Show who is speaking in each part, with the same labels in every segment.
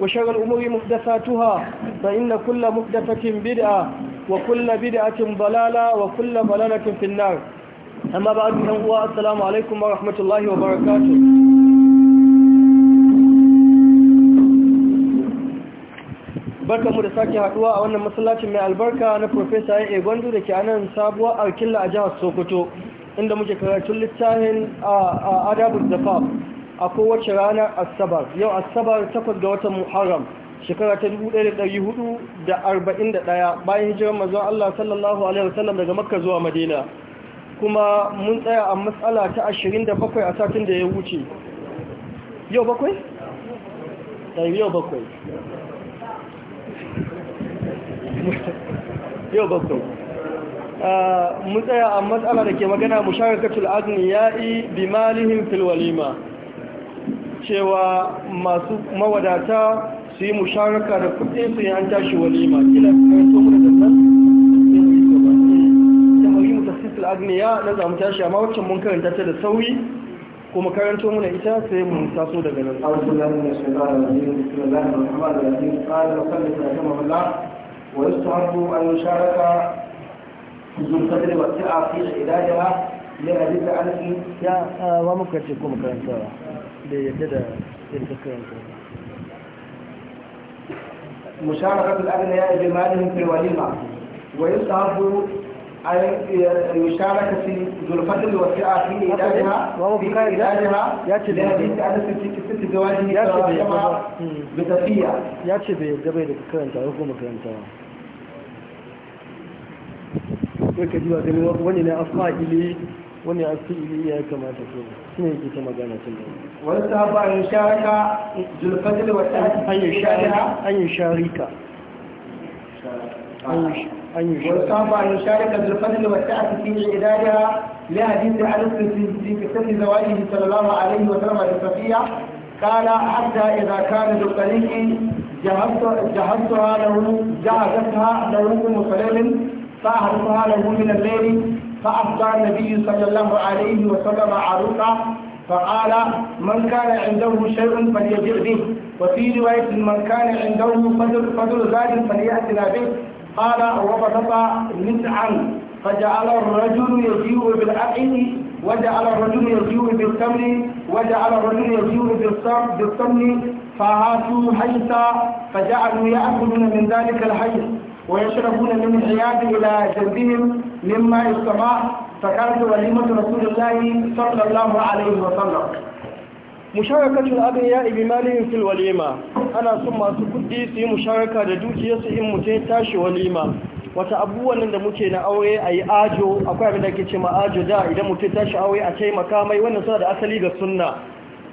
Speaker 1: وشر الأمور محدثاتها فإن كل محدثة بدعة وكل بدعة ضلالة وكل ضلالة في النار أما بعد من هو السلام عليكم ورحمة الله وبركاته barka mu da sake haduwa a wannan masallacin mai albarka na Profesa Yaya Gwandu da ke anan sabuwar Arkilla a jihar Sokoto inda muke karatun littafin a Adabul Zafaf a kowace ranar asabar yau asabar takwas ga watan muharram shekara ta 1441 bayan hijirar mazan Allah sallallahu alaihi wasallam daga makka zuwa madina kuma mun tsaya a matsala ta 27 a satin da ya wuce yau bakwai? yau bakwai yau bakwai ah, mun tsaya a matsala da ke magana mu musharakatul Agni ya malihim Bimalihin Filwalima. cewa masu mawadata su yi musharaka da kudin su yi an tashi wani kila karanto mu da nan sai mu yi gaba ta hawi mu tafsir agniya na zamu tashi amma wacce mun karanta ta da sauri kuma karanto mu ita sai mu taso daga nan alhamdulillah ne shekara da yin bismillahir rahmanir rahim qala sallallahu alaihi wa sallam wa yastahabu an yusharaka zul qadri wa ta'a fi ilaha ya hadith alfi ya wa mukarce kuma karantawa مشاركة الأغنياء بمالهم في الوليمة ويصعب أن يشارك في ظرفة الوسعة في إيجادها وهو في إيجادها لحديث ألف في ست زواجه كما بدفية ياتي قبل كرنتا وقوم كرنتا كيف كده وقوم وني لا أفقا إلي وني أفقا إلي إياه كما تقول سنين كما كانت الله ويستحب أن يشارك ذو الفضل والتهجد أن يشارك أن يشارك ويستحب أن يشارك ذو الفضل في إعدادها لحديث أنس في قصة زواجه صلى الله عليه وسلم الصفية قال حتى إذا كان ذو الطريق جهزتها له جهزتها له أم سليم فأحرقها له من الليل فأفضى النبي صلى الله عليه وسلم عروقا فقال من كان عنده شيء فليجئ به وفي رواية من كان عنده فضل فضل ذلك فليأتنا به قال وبسط نسعا فجعل الرجل يجيء بالعقل وجعل الرجل يجيء بالتمر وجعل الرجل يجيء بالتمر فهاتوا حيثا فجعلوا يأكلون من ذلك الحيث ويشربون من العياد إلى جنبهم مما السماء فكانت وليمة رسول الله صلى الله عليه وسلم musharakatul abiya ibimalin fil walima ana son masu kudi su yi musharaka da dukiyarsu in mutum tashi walima wata abubuwan da muke na aure a yi ajo akwai abin da ke ce ma ajo da idan mutum tashi aure a taimaka mai wannan suna da asali ga sunna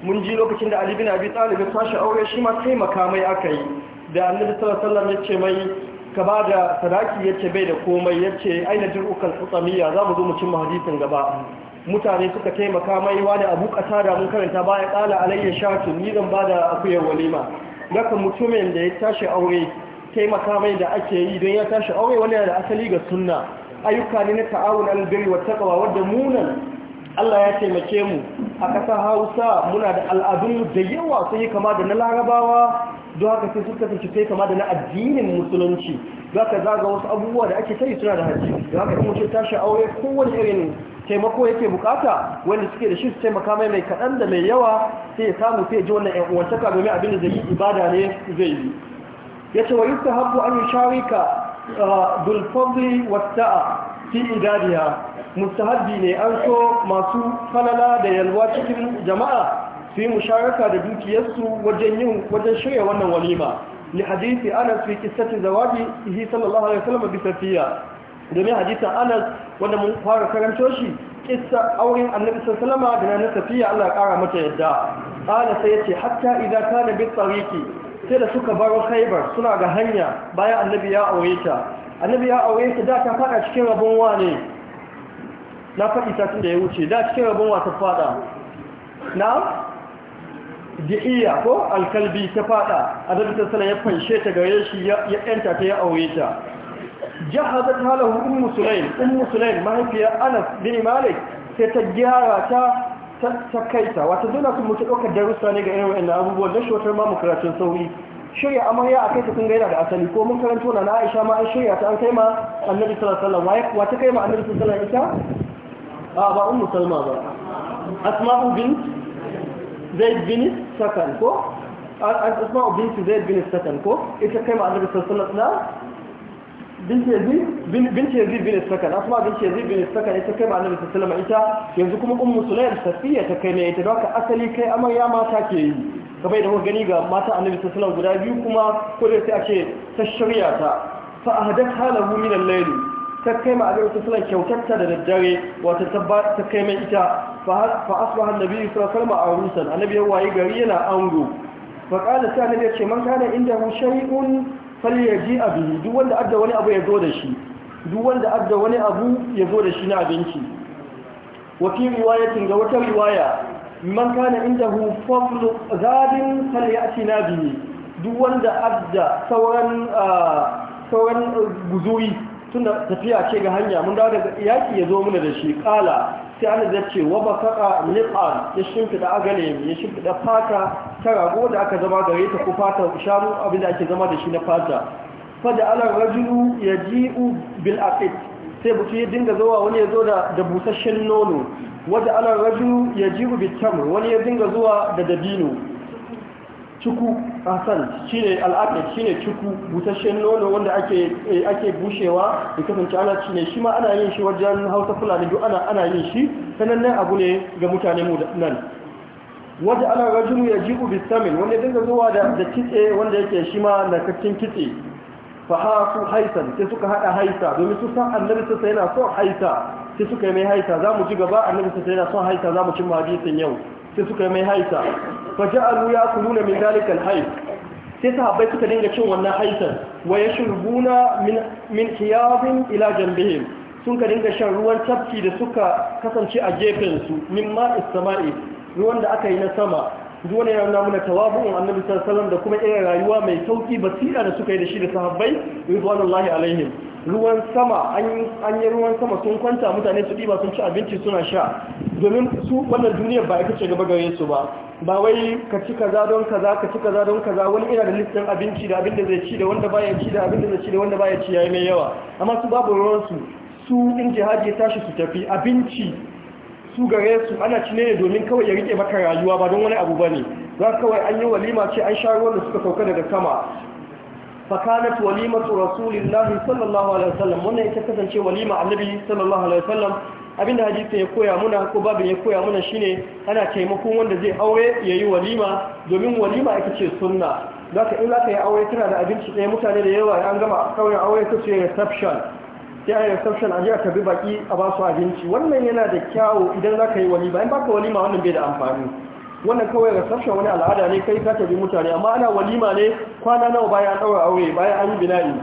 Speaker 1: mun ji lokacin da ali bin abi talib ya tashi aure shi ma taimaka mai aka yi da annabi sallallahu alaihi wasallam ya ce mai ka ba da sadaki yace bai da komai yace aina jir'ukan tsamiya za mu zo mu cin hadisin gaba mutane suka taimaka mai wani abu kasa da mun karanta baya kala alayya shatu ni zan ba da akuyar walima daga mutumin da ya tashi aure taimaka mai da ake yi don ya tashi aure wani da asali ga sunna ayyuka ne na ta'awun albiri wa taqwa wanda munan Allah ya taimake mu a ƙasar Hausa muna da al'adun da yawa sun yi kama da na Larabawa don haka sai suka tafi sai kama da na addinin musulunci za ka zaga wasu abubuwa da ake tari suna da hajji don haka kuma ce tashi aure kowane irin taimako yake bukata wanda suke da shi su taimaka mai mai kaɗan da mai yawa sai ya samu sai ji wannan 'yan uwantaka domin abin da zai yi ibada ne zai yi ya ce wa yusta habbu an sharika uh, dulfadli a fi idadiya mustahabbi ne an so masu falala da yalwa cikin jama'a Suyi yi musharaka da dukiyarsu wajen yin wajen shirya wannan walima li hadisi anas fi qissati zawaji ihi sallallahu alaihi wasallam bi safiya domin hadisin anas wanda mun fara karanto shi kissa auren annabi sallallahu alaihi wasallam da na safiya Allah ya kara mata yadda qala sai yace hatta idza kana bi tariqi sai da suka baro khaybar suna ga hanya bayan annabi ya aure ta annabi ya aure ta da ta fada cikin rabon wane na faɗi satin da ya wuce da cikin rabon wa ta fada na iya ko alkalbi ta fada annabi sana ya fanshe ta gare shi ya yanta ta ya aure ta ta halahu ummu musulain in musulain mahaifiyar anas bin malik sai ta gyara ta ta kaita wata zuna sun mutu ɗaukar darussa ne ga irin wa'in abubuwan da shotar ma mu karatun sauri shirya amarya a kai ta kun gaida da asali ko mun karanto na Aisha ma an shirya ta an kai ma Annabi sallallahu alaihi wasallam wata kai ma Annabi sallallahu alaihi wasallam ita a ah, ba ummu Salma ba Asma'u bint Zai bin sakan ko asma'u binti ko ita kai ma annabi sallallahu alaihi binti yazid bin sakan asma binti yazid bin sakan ita kai ma annabi sallallahu ita yanzu kuma ummu sulaim safiya ta kai ne ita don asali kai amarya mata ke yi kamar da gani ga mata annabi sallallahu alaihi guda biyu kuma ko da sai a ce ta shirya ta fa ahdatha lahu min al ta kai ma abin suna kyautatta da daddare wata ta kai mai ita fa asbaha annabi sallallahu alaihi wasallam rusan annabi waye gari yana ango fa qala ta annabi ce man kana inda hu shay'un falyaji bihi duk wanda adda wani abu ya zo da shi duk wanda adda wani abu ya zo da shi na abinci wa fi riwayatin ga wata riwaya man kana inda hu fadlu zadin falyatina bihi duk wanda adda sauran ah, sauran ah, guzuri tunda tafiya ce ga hanya mun dawo daga iyaki ya zo muna da shi kala sai ana da ce wa bakaka liqan ya shimfida agale ya shimfida fata ta rago da aka zama gare ta ko fata shanu abin da ake zama da shi na fata fa da alar rajulu yaji'u bil aqid sai buci ya dinga zuwa wani ya zo da da busasshen nono wa da alar rajulu yaji'u bit tamr wani ya dinga zuwa da dabino cuku asan al'adar shi ne cuku butashen nono wanda ake eh, ake bushewa da kasance ana shine shi ma ana yin shi wajen Hausa Fulani duk ana ana yin shi sanannen abu ne ga mutane mu da nan wajen ana rajulu ya ji ubi bitamin wanda dinga zuwa da da kitse wanda yake shi ma na kacin kitse fa hafu haisan sai suka hada haisa domin su san annabi sai yana son haisa sai suka yi mai haisa za mu ji gaba annabi sai yana son haisa za mu cin hadisin yau sai suka mai haisa faja'alu ja'alu yakuluna min zalika al sai sahabbai suka dinga cin wannan haisan wa yashrubuna min min hiyabin ila janbihim sun ka dinga shan ruwan tafki da suka kasance a gefen su min ma'is sama'i ruwan da aka yi na sama duk wani yana muna tawabu'un annabi sallallahu da kuma irin rayuwa mai sauki basira da suka yi da shi da sahabbai ridwanullahi alaihim ruwan sama an yi ruwan sama sun kwanta mutane su diba sun ci abinci suna sha domin su wannan duniyar ba ita ce gaba gare su ba ba wai ka ci kaza don kaza ka ci kaza don kaza wani ina da listin abinci da abin da zai ci da wanda baya ci da abin da zai ci da wanda baya ci yayi mai yawa amma su babu ruwan su su in jihadi ya tashi su tafi abinci su gare su ana ci ne domin kawai ya rike maka rayuwa ba don wani abu ba ne za kawai an yi walima ce an sha ruwan da suka sauka daga sama fakanat walimatu rasulillahi sallallahu alaihi wasallam wannan ita kasance walima annabi sallallahu alaihi wasallam abinda hadisin ya koya muna ko babin ya koya muna shine ana taimako wanda zai aure ya yi walima domin walima ita ce sunna zaka in zaka yi aure tana da abinci ɗaya mutane da yawa an gama kawai aure ta ce reception sai a reception a jiya tabi baki a basu abinci wannan yana da kyawo idan za ka yi walima in baka walima wannan bai da amfani wannan kawai reception wani al'ada ne kai ka bi mutane amma ana walima ne kwana nawa bayan an ɗaura aure bayan an yi bina'i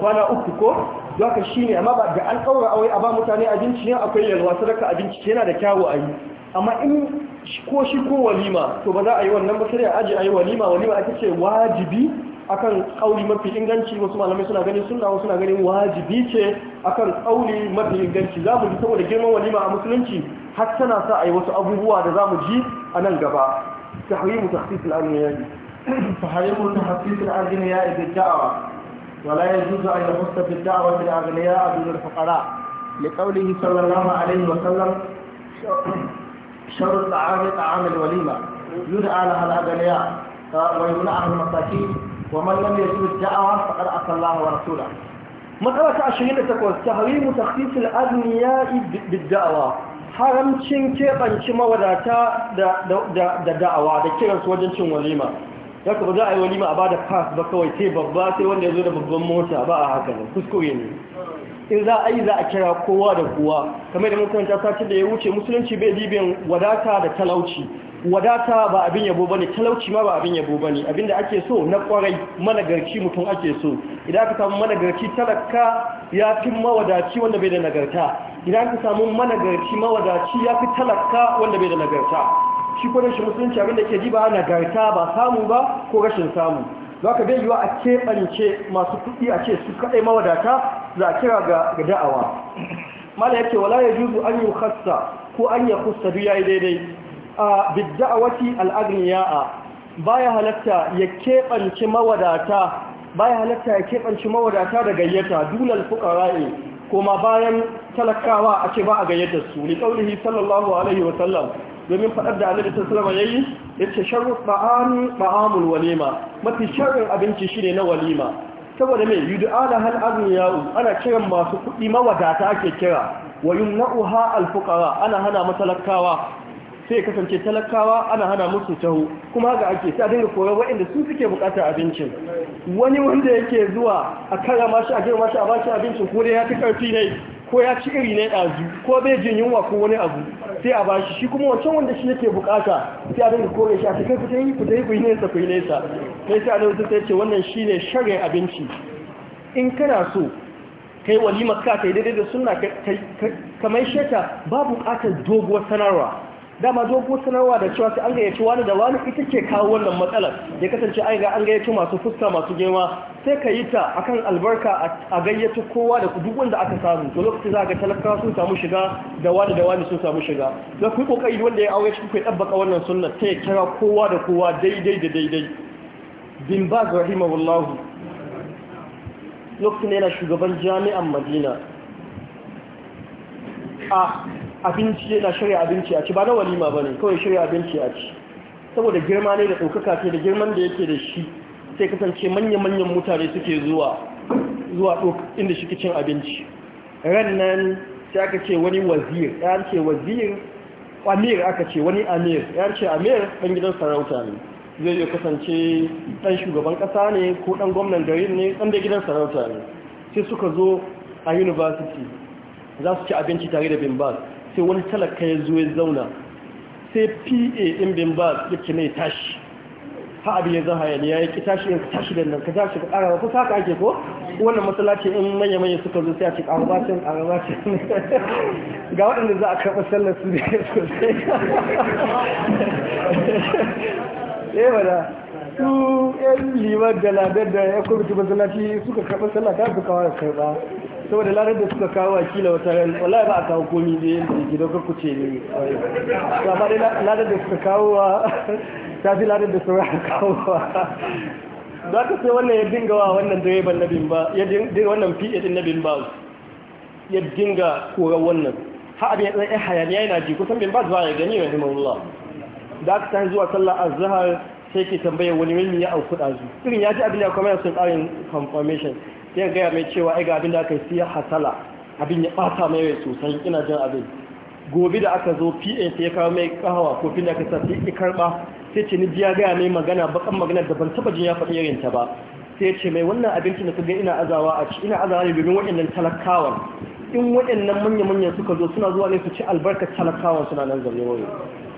Speaker 1: kwana uku ko za ka shi ne amma ba da an ɗaura aure a ba mutane abinci ne akwai yalwa sadaka abinci yana da kyawo a yi amma in ko shi ko walima to ba za a yi wannan ba sai a aji a yi walima walima ake ce wajibi akan kauli mafi inganci wasu malamai suna ganin sunna wasu suna ganin wajibi ce akan kauli mafi inganci za mu ji saboda girman walima a musulunci har tana sa a yi wasu abubuwa da za mu ji a nan gaba tahrimu tahsis al-arniyani tahrimu tahsis al-arniyani bi da'wa ولا يجوز أن يخص بالدعوة الأغنياء دون الفقراء لقوله صلى الله عليه وسلم شر الطعام طعام الوليمة يدعى لها الأغنياء ويمنعها المساكين Wa mazan ne ya fi da'awa faɗar a kan Lahawara Soda? Matsalasta ashirin da takwas, Tahiru, tafifin azumiya ya yi biɗɗawa. Haramcin keɓancin mawadata da da'awa da kiransu wajen cin walima. Ya saba, za a yi walima a bada da pass ba kawai sai babba sai wanda ya zo da babban mota ba a hakanan kuskure ne. In za a yi za a kira, "Kowa da kowa Kama da masu tanti ta ce da ya wuce, musulunci bai bibin wadata da talauci. wadata ba abin yabo ba ne, talauci ma ba abin yabo ba bane abinda ake so na kwarai managarci mutum ake so idan aka samu managarci talaka ya fi mawadaci wanda bai da nagarta idan aka samu managarci mawadaci ya fi talaka wanda bai da nagarta shi ko shi musulunci abinda ke ji ba nagarta ba samu ba ko rashin samu za ka bai yiwa a keɓance masu kuɗi a ce su kaɗai mawadata za a kira ga da'awa mala yake wala ya juzu an yi khassa ko an ya kusa duk yayi daidai A bidda, a baya halatta ya kebanci mawadata baya halatta ya keɓance mawadata da gayyata dunal fuqara'i kuma bayan talakawa a ce ba a gayyata su li qaulihi sallallahu alaihi wa sallam domin faɗar da Annabi sallallahu alaihi wa sallam yayi yace sharru walima mafi sharrin abinci shine na walima saboda mai yud'ala hal aghniya'u ana kiran masu kuɗi mawadata ake kira wa yumna'uha al alfukara ana hana matalakawa sai kasance talakawa ana hana musu taho kuma haka ake sai dinga koyar waɗanda su suke bukatar abincin wani wanda yake zuwa a kara mashi a girma shi a bashi abincin ko dai ya fi karfi ne ko ya ci iri ne ɗazu ko bai jin yunwa ko wani abu sai a bashi shi kuma wancan wanda shi yake bukata sai a dinga kore shi a cikin fita yi fita yi ku yi nesa ku yi nesa sai sai a nan sai ce wannan shine sharrin abinci in kana so kai walimar ka kai daidai da sunna kamar sheta babu bukatar doguwar sanarwa dama dogo sanarwa da cewa sai an yaci wani da wani ita ce kawo wannan matsalar ya kasance an ga an yaci masu fuska masu girma sai ka yi ta akan albarka a gayyato kowa da duk wanda aka samu to lokacin za ka talakawa sun samu shiga da wani da wani sun samu shiga za ku yi kokari wanda ya aure shi ku tabbaka wannan sunna ta ya kira kowa da kowa daidai da daidai bin baz rahimahullahu lokacin yana shugaban jami'an madina a abinci yana shirya abinci a ci ba na walima ba ne kawai shirya abinci a ci saboda girma ne da ɗaukaka ce da girman da yake da shi sai kasance manya-manyan mutane suke zuwa zuwa inda shi cin abinci ran nan sai aka ce wani wazir ya ce wazir amir aka ce wani amir ya ce amir ɗan gidan sarauta ne zai iya kasance ɗan shugaban ƙasa ne ko ɗan gwamnan garin ne ɗan da gidan sarauta ne sai suka zo a university za su ci abinci tare da bimbas sai wani talaka ya zo ya zauna sai pa in bin ba suke mai tashi ha abu ya zaha yana ya yake tashi in tashi da nan ka tashi ka ƙara wasu haka ake ko wannan matsalaci in manya-manya suka zo sai a ce ƙarabacin ƙarabacin ga waɗanda za a karɓa sallar su ne sosai ya eh, bada su yan limar da ladar da ya kurkutu matsalaci suka karɓa sallar ta fi kawai karɓa saboda larar da suka kawo wakila wata ran wallahi ba a kawo komi da yin da gido karku ce ne to amma dai larar da suka kawo wa ta fi larar da suka kawo wa za ka sai wannan ya dinga wa wannan direban na bimba ya dinga wannan fiye din nabin ba ya dinga koran wannan ha abin ya tsaye hayaniya yana ji kusan bin ba zuwa ya gani Allah da aka ta zuwa sallar azhar sai ke tambaye wani wani ya auku ɗazu irin ya ji abin da kuma sun ƙarin confirmation sai gaya mai cewa ai ga abin da aka yi siya hasala abin ya ɓata mai rai sosai ina jin abin gobe da aka zo pa sai ya kawo mai kawawa kofin da aka sa sai ya karɓa sai ce ni biya gaya mai magana bakan magana da ban taɓa jin ya faɗi irin ta ba sai ce mai wannan abinci da ka ga ina azawa a ci ina azawa ne domin waɗannan talakawan in waɗannan manya-manyan suka zo suna zuwa ne su ci albarkar talakawan suna nan zaune wani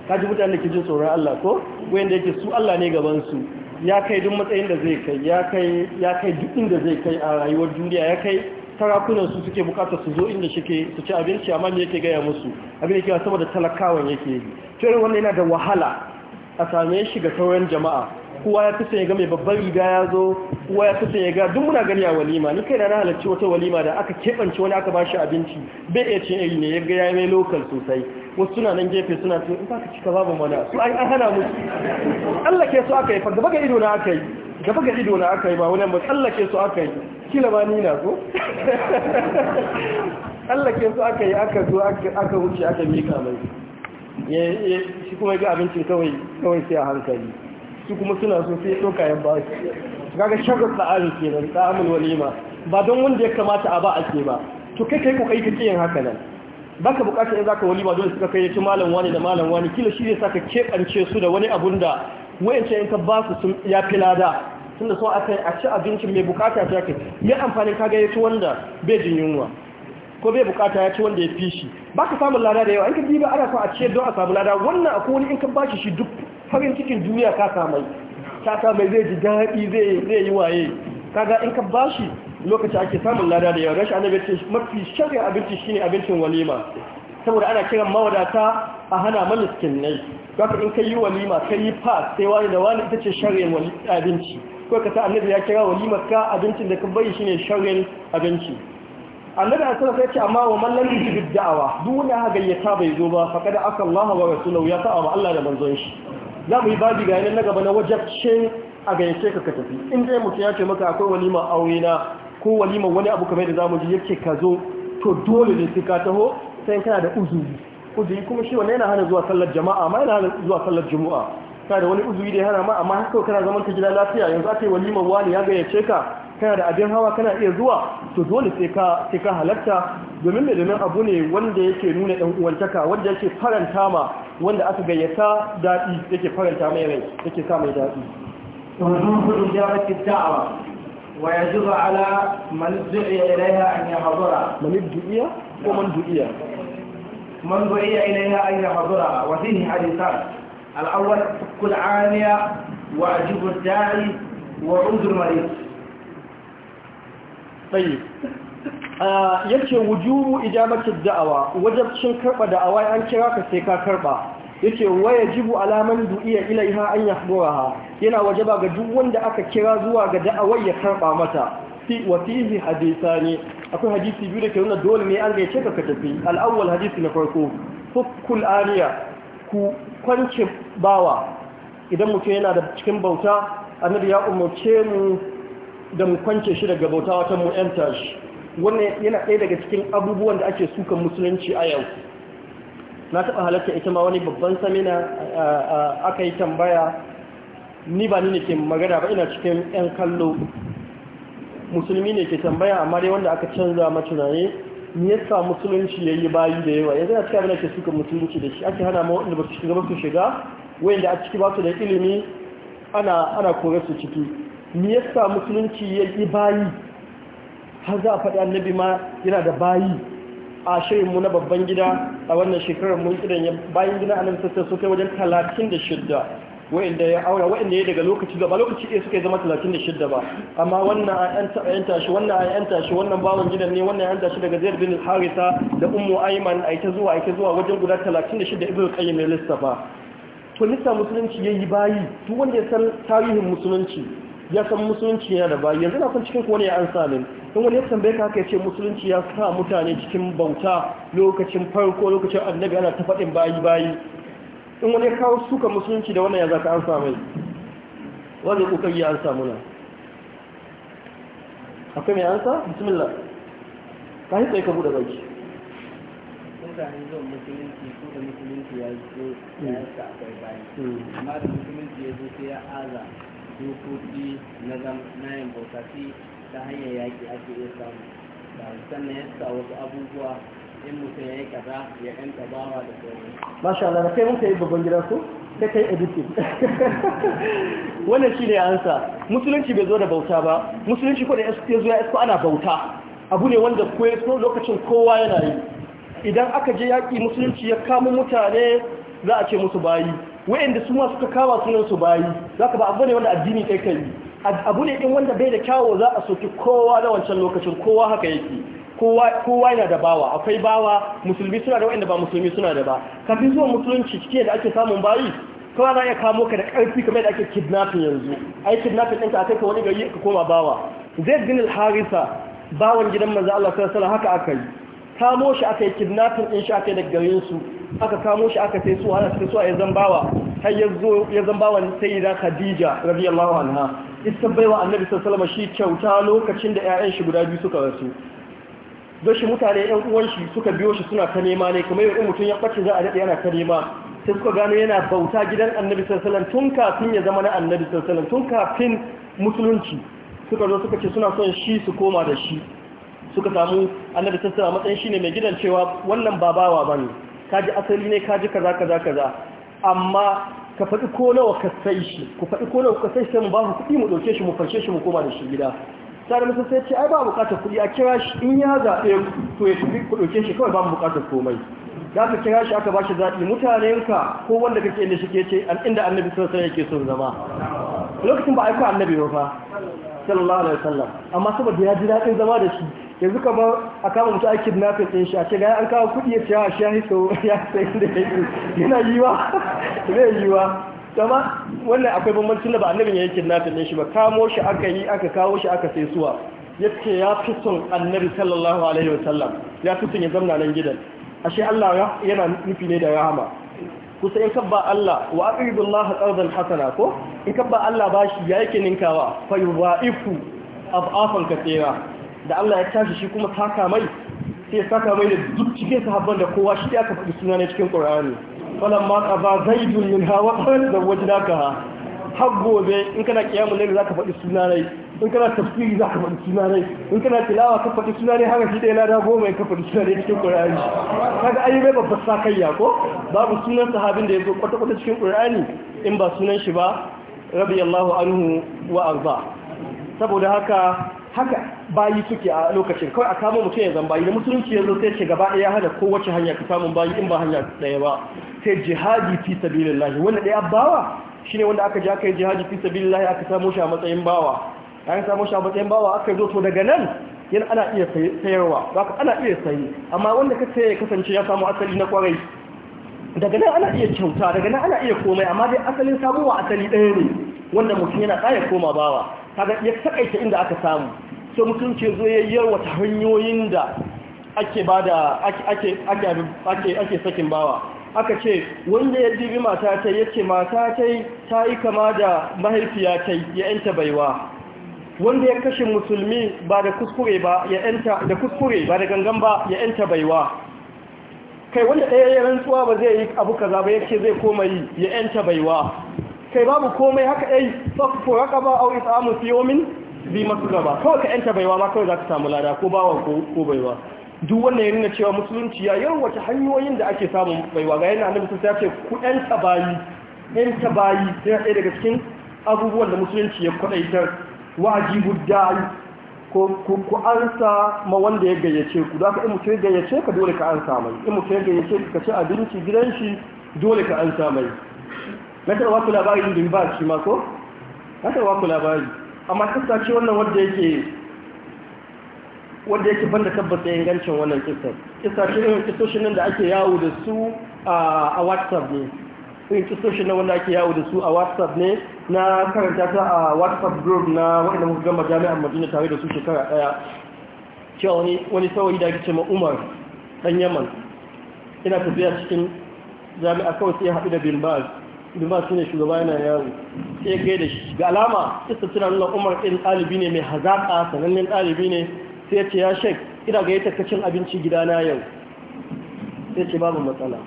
Speaker 1: kaji mutane da ke jin tsoron Allah ko wanda yake su Allah ne gaban su ya kai duk matsayin da zai kai ya kai ya kai duk inda zai kai a rayuwar duniya ya kai sarakunan su suke bukatar su zo inda shike su ci abinci amma me yake gaya musu abin da yake wa saboda talakawan yake yi to wannan yana da wahala a same shi ga sauran jama'a kowa ya fi ya ga mai babbar riga ya zo kowa ya fi ya ga duk muna gani a walima ni kai na halarci wata walima da aka keɓance wani aka ba shi abinci bai iya cin iri ne ya ga ya mai lokal sosai wasu suna nan gefe suna ce in ka cika babu mana su ai an hana musu ke su aka yi fa gaba ga ido na aka yi gaba ga ido na aka yi ba wani ba ke su aka yi kila ba ni na Allah ke su aka yi aka zo aka wuce aka mika mai shi kuma ga abincin kawai kawai sai a hankali su kuma suna so sai ɗauka ya ba su kaga shagar tsa'arin kenan amul walima ba don wanda ya kamata a ba ake ba to kai kai kai kake yin haka nan baka bukatar in zaka ba dole suka kai ci malam wani da malam wani kila shi sa saka kebance su da wani abun da wayance in ka ba su sun ya fi lada tunda so aka a ci abincin mai bukata ta kai amfani amfanin kaga yaci wanda bai jin yunwa ko bai bukata ya ci wanda ya fi shi baka samun lada da yawa an ka ba ana so a ce don a samu lada wannan akwai wani in ka bashi shi duk farin cikin duniya ka samai ka samai zai ji daɗi zai yi waye kaga in ka bashi lokaci ake samun lada da yawa rashin annabi ce mafi sharri abinci shine abincin walima saboda ana kiran mawadata a hana maliskin ne kaka in kai yi walima kai yi fa sai wani da wani ita ce sharrin abinci ko ka ta annabi ya kira walima ka abincin da ka bayi shine sharrin abinci annabi a sanar sai ce amma wa mallan yujib da'awa duk wanda gayyata bai zo ba faqad aka Allah wa rasuluhu ya sa ma Allah da manzon shi za mu yi babi ga yanar na gaba na wajabcin a gayyace ka ka tafi in dai mutum ya ce maka akwai walima aure na ko walimar wani abu kamar da zamu ji yake ka zo to dole ne sai ka taho sai kana da uzuri uzuri kuma shi wannan yana hana zuwa sallar jama'a amma yana hana zuwa sallar jumu'a kana da wani uzuri da yana ma amma haka kana zaman ta gida lafiya yanzu aka yi wani ya gayyace ka kana da abin hawa kana iya zuwa to dole sai ka sai ka halarta domin me domin abu ne wanda yake nuna dan uwantaka wanda yake faranta ma wanda aka gayyata dadi yake faranta mai rai yake sa mai dadi to hudu da da'awa ويجب على من دعي إليها أن يحضرها من دعي ومن دعي من دعي إليها أن يحضرها وفيه حديثان الأول فك العانية وأجب الداعي وعود المريض طيب yake wujubu ijabatu da'awa wajabcin karba da'awa an kira ka sai ka karba yace waya jibu alaman du'iya ilaiha an yahduraha yana wajaba ga duk wanda aka kira zuwa ga da'awai ya karba mata fi wa fihi hadithani akwai hadisi biyu da ke nuna dole ne an gaice ka tafi al-awwal hadisi na farko fukul aliya ku kwance bawa idan mutum yana da cikin bauta annabi ya umarce mu da mu kwance shi daga bauta wata mu yanta shi wannan yana ɗaya daga cikin abubuwan da ake sukan musulunci a yau na taɓa halarta ita ma wani babban samina aka yi tambaya ni ba ni ne ke magana ba ina cikin 'yan kallo musulmi ne ke tambaya amma dai wanda aka canza ni ya yasa musulunci ya yi bayi da yawa yanzu na cikin abin da ke suka musulunci da shi ake hana ma wanda ba su shiga ba su shiga wanda a ciki ba su da ilimi ana ana kore su ciki ya yasa musulunci yi bayi har za a faɗi annabi ma yana da bayi a shirinmu na babban gida a wannan shekarar mun kiran bayan gida a nan sassan su kai wajen 36 wa'inda ya aura wa'inda ya daga lokaci gaba lokaci ɗaya suka zama 36 ba amma wannan an taɓa yanta shi wannan an yan shi wannan bawan gidan ne wannan yan shi daga zaid bin harisa da ummu ayman a ita zuwa a ita zuwa wajen guda 36 ibn qayyim ya lissafa to nisa musulunci yayi bayi duk wanda ya san tarihin musulunci ya san musulunci yana da bayi yanzu na san cikin wani ya ansa min in wani ya tambaye ka haka ya ce musulunci ya sa mutane cikin bauta lokacin farko lokacin annabi ana ta faɗin bayi bayi in wani ya kawo suka musulunci da wannan ya zaka ansa mai wanda ya yi ya ansa muna akwai mai ansa bismillah ka yi tsaye ka buɗe baki mutane zuwa musulunci ko da musulunci ya zo ya sa akwai bayi hmm. amma da musulunci ya zo sai ya aza dokoki na yin bautaki ta hanyar yaƙi ake iya samu ba sannan ya sa wasu abubuwa in mutum ya yi kaza ya yan tabawa da sauran masha Allah na kai mun kai babban gida ko ta kai editing wannan shine ansa musulunci bai zo da bauta ba musulunci ko da ya zo ya isko ana bauta abu ne wanda ko lokacin kowa yana yi idan aka je yaƙi musulunci ya kama mutane za a ce musu bayi wayanda su ma suka kawa sunan su bayi zaka ba abu ne wanda addini kai kai abu ne din wanda bai da kyawo za a soki kowa da wancan lokacin kowa haka yake kowa kowa yana da bawa akwai bawa musulmi suna da wayanda ba musulmi suna da ba kafin zuwa musulunci cike da ake samun bayi kawai za ya kamo ka da karfi kamar da ake kidnapping yanzu ai kidnapping ɗinka a kai ka wani gari ka koma bawa Zai bin harisa bawan gidan manzo Allah sallallahu haka aka yi kamo shi aka yi kidnapping din shi aka yi daga garin su aka kamo shi aka sai suwa aka sai suwa ya zambawa har ya zo ya zambawa sayyida khadija radiyallahu anha isa baiwa annabi sallallahu alaihi wasallam shi kyauta lokacin da ƴaƴan shi guda biyu suka rasu shi mutane ƴan uwan shi suka biyo shi suna ta nema ne kamar yadda mutum ya bace za a dade yana ta nema sai suka gano yana bauta gidan annabi sallallahu alaihi wasallam tun kafin ya zama na annabi sallallahu alaihi wasallam tun kafin musulunci suka zo suka ce suna son shi su koma da shi suka samu annabi sallallahu alaihi wasallam matsayin shine mai gidan cewa wannan babawa bane kaji asali ne kaji kaza kaza kaza amma ka faɗi ko nawa ka sai shi ku faɗi ko nawa ka sai shi mu ba mu kuɗi mu ɗauke shi mu farce shi mu koma da shi gida sai mun sai ce ai ba buƙatar kuɗi a kira shi in ya zaɓe to ya ku ɗauke shi kawai ba mu bukatar komai za ka kira shi aka ba shi zaɓi mutanenka ko wanda kake inda shi ke ce inda annabi sun wasallam yake son zama lokacin ba aiko annabi ba fa sallallahu alaihi wasallam amma saboda ya ji daɗin zama da shi yanzu kamar a kama mutu ake kidnapping ɗin shi a ce gaya an kawo kuɗi ya ciyawa ah, shi ya hiso ya sai da ya yi yana yiwa zai yiwa dama wannan akwai bambancin da ba annabin ya yi kidnapping ɗin shi ba kamo shi aka yi aka kawo shi aka sai suwa ya ce ya fi son annabi sallallahu alaihi wasallam ya fi son ya zamna nan gidan ashe Allah yana nufi ne da rahama kusa in kabba Allah wa aqidu Allah qardan hasana ko in kabba Allah bashi ya yake ninkawa fa yuwaifu ab'afan katira da Allah ya tashi shi kuma saka mai sai saka mai da duk cikin sahabban da kowa shi aka faɗi suna ne cikin Qur'ani falamma qaba zaidun min hawa zawajnaka har gobe in kana kiyamu ne zaka faɗi suna ne in kana tafsiri za ka faɗi suna ne in kana tilawa ka faɗi suna ne haka shi ɗaya lada goma ya ka faɗi suna ne cikin ƙur'ani kaga ayi mai babbar sakayya ko babu sunan sahabin da ya zo kwata-kwata cikin ƙur'ani in ba sunan shi ba radiyallahu anhu wa arza saboda haka haka bayi suke a lokacin kawai a kama mutum ya zamba da musulunci ya zo sai ce gaba ɗaya hana kowace hanya ka samun bayi in ba hanya ɗaya ba sai jihadi fi sabilillahi wanda ɗaya bawa shine wanda aka aka yi jihadi fi sabilillahi aka samu shi a matsayin bawa an samu shi bawa aka zo to daga nan yana ana iya sayarwa ba ana iya sayi amma wanda ka sayi ya kasance ya samu asali na kwarai daga nan ana iya kyauta daga nan ana iya komai amma dai asalin samuwa asali ɗaya ne wanda mutum yana ɗaya koma bawa kaga ya takaita inda aka samu so mutum ke zo ya wata hanyoyin da ake ake ake sakin bawa aka ce wanda ya dubi mata ta yace mata ta ta yi kama da mahaifiya ta ya yanta baiwa wanda ya kashe musulmi ba da kuskure ba ya yanta da kuskure ba da gangan ba ya yanta baiwa kai wanda ɗaya ya rantsuwa ba zai yi abu kaza ba yake zai koma yi ya yanta baiwa kai babu komai haka ai safu ba aw isamu yawmin bi gaba kawai ka yanta baiwa ma kawai za ka samu lada ko bawa ko baiwa duk wannan ya nuna cewa musulunci ya wata hanyoyin da ake samun baiwa ga yana annabi sai ya ce ku yanta bayi yanta bayi sai ɗaya daga cikin abubuwan da musulunci ya kwadaitar wajibu da'i ko ku ansa ma wanda ya gayyace ku da ka in mutum gayyace ka dole ka ansa mai in mutum gayyace ka ci abinci gidan shi dole ka ansa mai na karwa ku labarin din ba shi ma ko na karwa ku labari amma kasa ce wannan wanda yake wanda yake banda tabbata ingancin wannan kisa kisa ce irin kisoshin nan da ake yawo da su a whatsapp ne irin kisoshin nan wanda ake yawo da su a whatsapp ne na karanta ta a whatsapp group na waɗanda muka gama jami'an madina tare da su shekara ɗaya cewa wani saurayi da ake ce umar ɗan yaman ina tafiya cikin jami'a kawai sai haɗu da bilbaz bilbaz shi ne shugaba yana yaro sai ya da shi ga alama isa suna nuna umar ɗin ɗalibi ne mai hazaƙa sanannen ɗalibi ne sai ya ce ya shek ina ga yi takacin abinci gidana yau sai ce babu matsala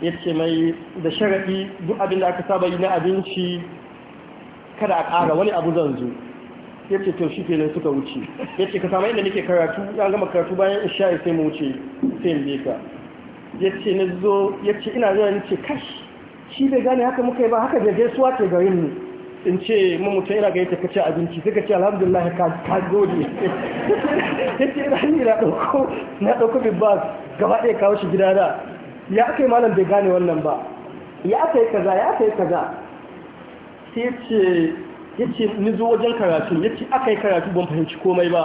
Speaker 1: ya ce mai da sharaɗi duk abin da aka saba yi na abinci kada a ƙara wani abu zan zo ya ce to shi nan suka wuce ya ce ka samu inda nake karatu ya gama karatu bayan in sha sai mu wuce sai in beka ya ce na zo ya ce ina zuwa ni ce kash shi bai gane haka muka yi ba haka da gaisuwa ke garin mu in ce mun mutum ina ga yadda kace abinci sai ka ce alhamdulillah ka gode ya ce ina ni na ɗauko na ɗauko big bag gaba ɗaya kawo shi gida da ya aka yi malam bai gane wannan ba ya aka yi kaza ya aka yi kaza sai ya ce ni zo wajen karatu ya ce aka yi karatu ban fahimci komai ba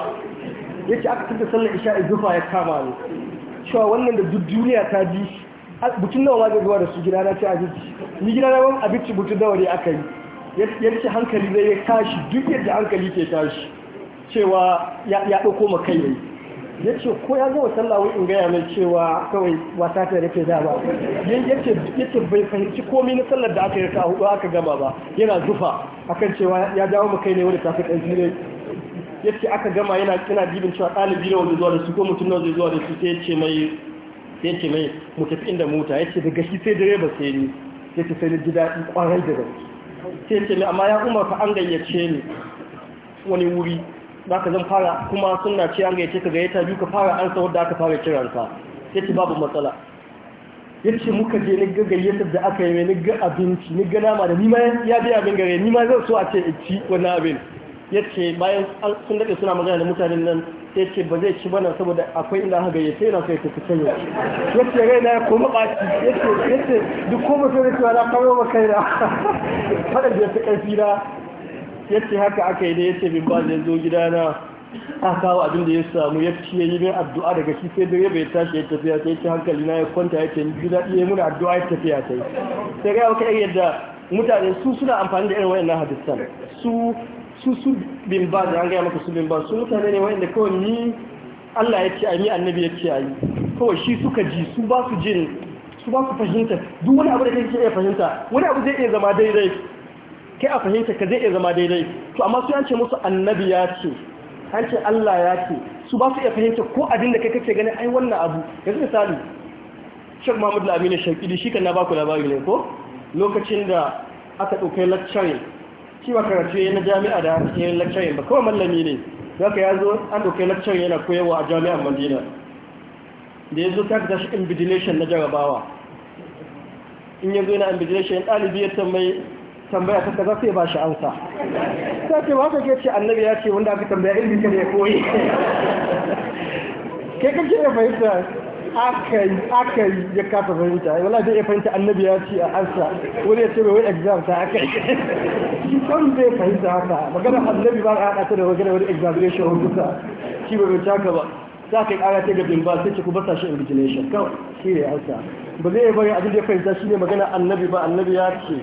Speaker 1: ya ce aka tattata sallar isha zufa ya kama ne. cewa wannan da duk duniya ta ji bukin nawa ma zai zuwa da su gida na ce abinci ni gida na wani abinci bukin nawa ne aka yi ya ce hankali zai ya tashi duk yadda hankali ke tashi cewa ya ɗauko ma kai yayi ya ce ko ya gama sallah wai in gaya mai cewa kawai wata ta rike da ba ya ce bai fahimci komi na sallar da aka yi ta hudu aka gama ba yana zufa akan cewa ya dawo mu kai ne wani tafi ɗan ne ya ce aka gama yana kina dibin cewa ɗalibi ne wanda zuwa da su ko mutum na zai zuwa da su sai ce mai sai ce mai mu tafi inda mota ya ce gashi shi sai ba sai ni ya ce sai ni ji daɗi da gaske sai ce mai amma ya umarta an gayyace ni wani wuri ba ka zan fara kuma suna ce an gaice ka gayyata biyu ka fara ansa da aka fara kiransa ya ce babu matsala ya ce muka je ni ga gayyatar da aka yi ni ga abinci ni ga nama da nima ya biya abin gare nima zan so a ce in ci wani abin ya ce bayan sun daɗe suna magana da mutanen nan ya ce ba zai ci bana saboda akwai inda aka gayyace yana sai ta fita yau ya ce rai na koma baki ya ce duk ba sai da kawo maka yana faɗa da ya fi ƙarfi na yace haka aka yi ne yace bin ba zai zo gidana a kawo abin da ya samu ya ci ya yi min addu'a daga shi sai direba bai tashi ya tafiya sai ci hankali na ya kwanta ya ce ji daɗi ya muna addu'a ya tafiya sai sai ga maka yadda mutane su suna amfani da irin wayannan hadisan su su su bin ba da an gaya maka su bin ba su mutane ne wayanda kawai ni Allah ya ce a ni annabi ya ce a yi kawai shi suka ji su ba su jin su ba su fahimta duk wani abu da kake iya fahimta wani abu zai iya zama daidai kai a fahimta ka zai iya zama daidai to amma su yance musu annabi ya ce an ce Allah ya ce su ba su iya fahimta ko abin da kai kake gani ai wannan abu yanzu misali Sheikh Muhammad Lamine Shakidi shi kan na baku labari ne ko lokacin da aka dauke lecture shi ba karatu ya na jami'a da aka lecture ba kawai mallami ne za ya zo an dauke lecture yana koyarwa a jami'ar Madina da ya zo ta tashi invigilation na jarabawa in yanzu yana invigilation ɗalibi ya tambayi tambaya ta kaza sai ba shi amsa ta ce ba ke ce annabi ya ce wanda aka tambaya ilmi kada ya koyi ke kake ya fahimta akai akai ya kafa fahimta wala zai ya fahimta annabi ya ce a ansa wani ya ce bai wai exam ta akai shi kan zai fahimta haka magana annabi ba a haɗa ta da magana wani examination rubuta shi bai bai taka ba za ka yi ƙara ta ga bimba sai ce ku basa shi invigilation kawai shi ne ansa ba zai yi bari abin da ya fahimta shi ne magana annabi ba annabi ya ce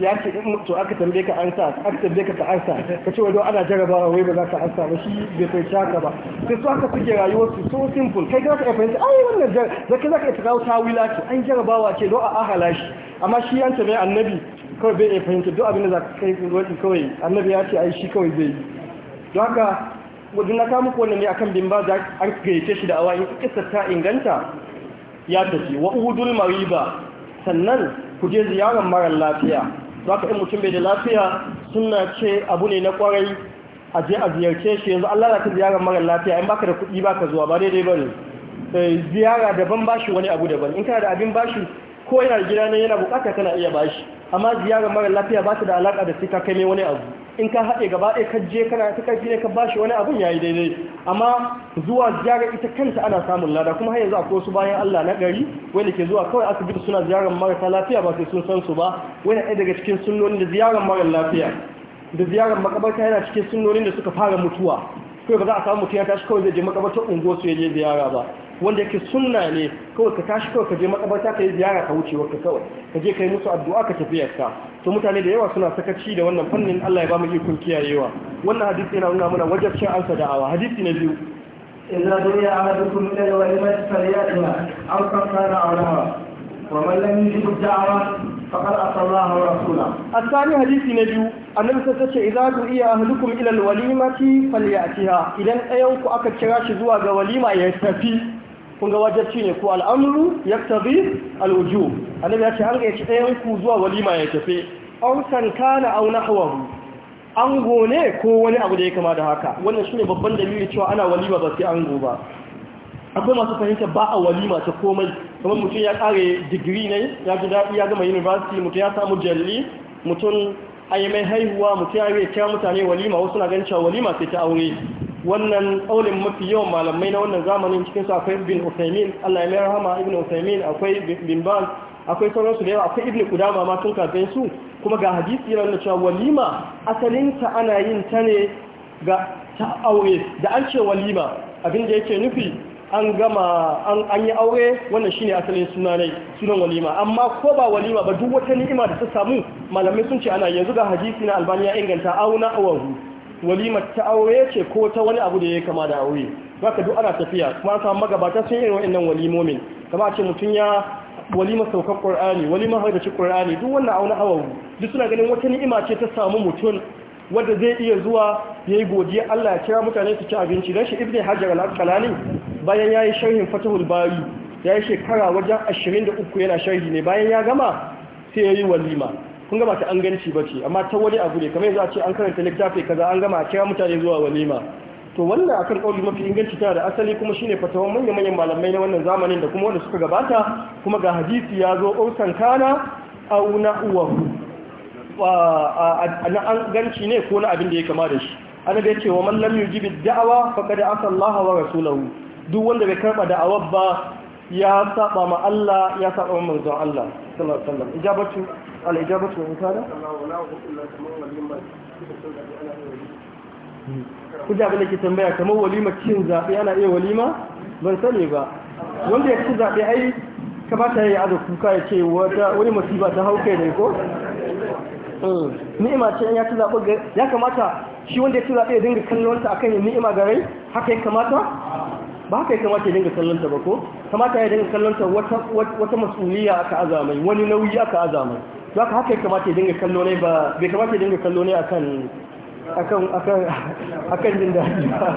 Speaker 1: ya ce in to aka tambaye ka ansa aka tambaye ka ka ansa ka ce wajen ana a wai ba za ka ansa ba shi bai fahimci shaka ba sai su aka suke rayuwar su so simple kai gaba ka iya fahimta ai wannan jar zaka za ka iya kawo tawila ce an wa ce don a ahala shi amma shi yanta mai annabi kawai bai iya fahimta duk abin da za ka kai wani kawai annabi ya ce ai shi kawai zai yi don haka wajen na kamu wani ne akan bimba za an gayyace shi da awa in kisa ta inganta ya tafi wa uhudul mariba sannan ku je ziyarar mara lafiya zaka in mutum bai da lafiya suna ce abu ne na kwarai a je a ziyarce shi yanzu Allah lalata ka ziyarar mara lafiya in baka da kuɗi baka zuwa ba daidai bane eh, ziyara daban bashi wani abu daban in kana da abin bashi ko yana gida ne yana bukata kana iya bashi amma ziyara mara lafiya ba ta da alaka da suka kai mai wani abu in ka haɗe gaba ɗaya ka je kana ta ƙarfi ne ka bashi wani abin yayi daidai amma zuwa ziyara ita kanta ana samun lada kuma har yanzu akwai wasu bayan Allah na gari wanda ke zuwa kawai asibiti suna ziyarar marasa lafiya ba sai sun san su ba wani ɗaya daga cikin sunnoni da ziyarar mara lafiya da ziyarar makabarta yana cikin sunnonin da suka fara mutuwa kawai ba za a samu mutum ya tashi kawai zai je makabartar unguwar su ya je ziyara ba wanda yake sunna ne kawai ka tashi kawai ka je makabarta ka yi ziyara ka wuce wakka kawai ka je ka yi musu addu'a ka tafi yarka to mutane da yawa suna sakaci da wannan fannin Allah ya ba mu ikon kiyayewa wannan hadisi yana nuna mana wajabcin ansa da'awa hadisi na biyu إذا دعي أحدكم إلى الوليمة فليأتها أو كان أولها ومن لم يجب الدعوة فقد أتى الله ورسوله الثاني حديث نبي annabi sai tace idza du'iya ahlukum ila alwalimati falyatiha idan ayanku aka kira shi zuwa ga walima ya tafi kun ga wajabci ne ko al'amru yaktabi al'uju. annabi ya ce an ga ci ɗayan ku zuwa walima ya tafe. An san kana auna nahwahu ango ne ko wani abu da ya kama da haka wannan ne babban dalili cewa ana walima ba sai ango ba akwai masu fahimta ba a walima ta komai kamar mutum ya kare digiri ne ya ji daɗi ya gama university mutum ya samu jalli mutum a yi mai haihuwa mutum ya yi kira mutane walima wasu na ganin cewa walima sai ta aure wannan ƙaunin mafi yawan malamai na wannan zamanin cikin akwai bin usaimin allah ya mayar hama ibn usaimin akwai bin ban akwai sauransu da yawa akwai ibn kudama ma tun kafin su kuma ga hadisi yana nuna cewa walima asalinta ana yin ta ne ga ta aure da an ce walima abin da yake nufi an gama an yi aure wannan shine asalin suna ne sunan walima amma ko ba walima ba duk wata ni'ima da ta samu malamai sun ce ana yanzu ga hadisi na albaniya inganta auna awahu Walima ta aure ce ko ta wani abu da ya kama da aure ba ka duk ana tafiya kuma an samu magabata sun yi nan walimomin kamar ce mutum ya walimar saukar qur'ani walimar ci ƙorani duk wannan auna hawa duk suna ganin wata ni'ima ce ta samu mutum wadda zai iya zuwa ya yi godiya Allah ya kira mutane su ci abinci don shi ibn hajar al bayan ya yi sharhin fatahul bari ya yi shekara wajen da uku yana sharhi ne bayan ya gama sai ya yi walima kun gaba ta an ganci ba ce amma ta wani abu ne kamar yanzu a ce an karanta littafi kaza an gama a kira mutane zuwa walima to wannan akan kauli mafi inganci tana da asali kuma shine fatawan manya-manyan malamai na wannan zamanin da kuma wanda suka gabata kuma ga hadisi ya zo ausan kana au na uwahu na an ganci ne ko na abin da ya kama da shi ana da cewa man lam yujibi da'awa faqad asa Allah wa rasulahu duk wanda bai karba da'awar ba ya saba ma Allah ya saba ma manzon Allah sallallahu alaihi wasallam ijabatu الإجابة المكانة da ke tambaya kamar walima cin zaɓe ana iya walima ban sani ba wanda ya ci zaɓe ai kamata ya yi aza kuka ya ce wani masifa ta hauke ne ko? ya kamata shi wanda ya ci zaɓe ya dinga kallon ta akan ni'ima garai, haka ya kamata ba ka yi kamata ya dinga kallonta ba ko kamata ya dinga kallonta wata masuliya aka azamai wani nauyi aka azamai za ka haka ya kamata ya dinga kallo ne ba bai kamata ya dinga kallo ne akan jin daji ba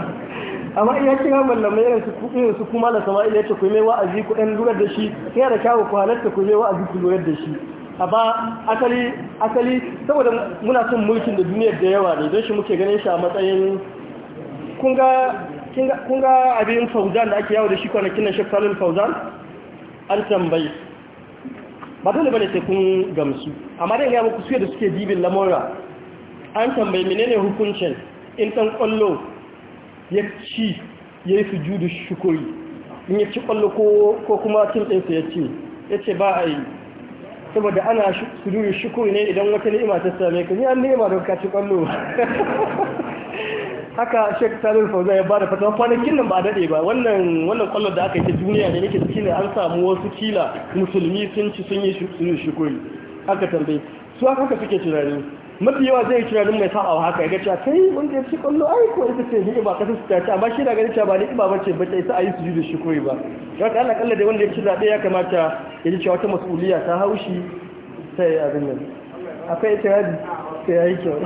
Speaker 1: amma iya kira mallamai irin su irin su kuma da sama ya ce ku mai wa'azi ku ɗan lura da shi sai da kyawu ku halatta ku mai wa'azi ku lura da shi amma asali asali saboda muna son mulkin da duniyar da yawa ne don shi muke ganin shi a matsayin kun ga kun ga abin fauzan da ake yawo da shi kwanakin na shekalin fauzan an tambayi ba dole bane sai kun gamsu amma dai ga muku da suke dibin lamura an tambayi menene hukuncin in ɗan kwallo ya ci ya yi judu shukuri in ya ci kwallo ko kuma cin ɗinsa ya ci? ya ce ba a yi saboda ana sujudu shukuri ne idan wata ni'ima ta same ka ni an ni'ima da ka ci kwallo haka shek salil fauza ya bada fatawa kwanakin nan ba daɗe ba wannan wannan kwallon da aka yi ta duniya da nake ciki an samu wasu kila musulmi sun ci sun yi shukuri aka tambaye su haka suke tunani mafi yawa zai tunanin mai sa'awa haka ya a kai wanda ya ci kwallo ai ko ita ce ni ba kasu su tace amma shi da ganin cewa ba ni ba bace ba ta isa a yi sujudu shi ba ya ka Allah kalla da wanda ya ci zabe ya kamata ya ji cewa wata mas'uliya ta haushi sai abin nan akwai ita ta yi kyau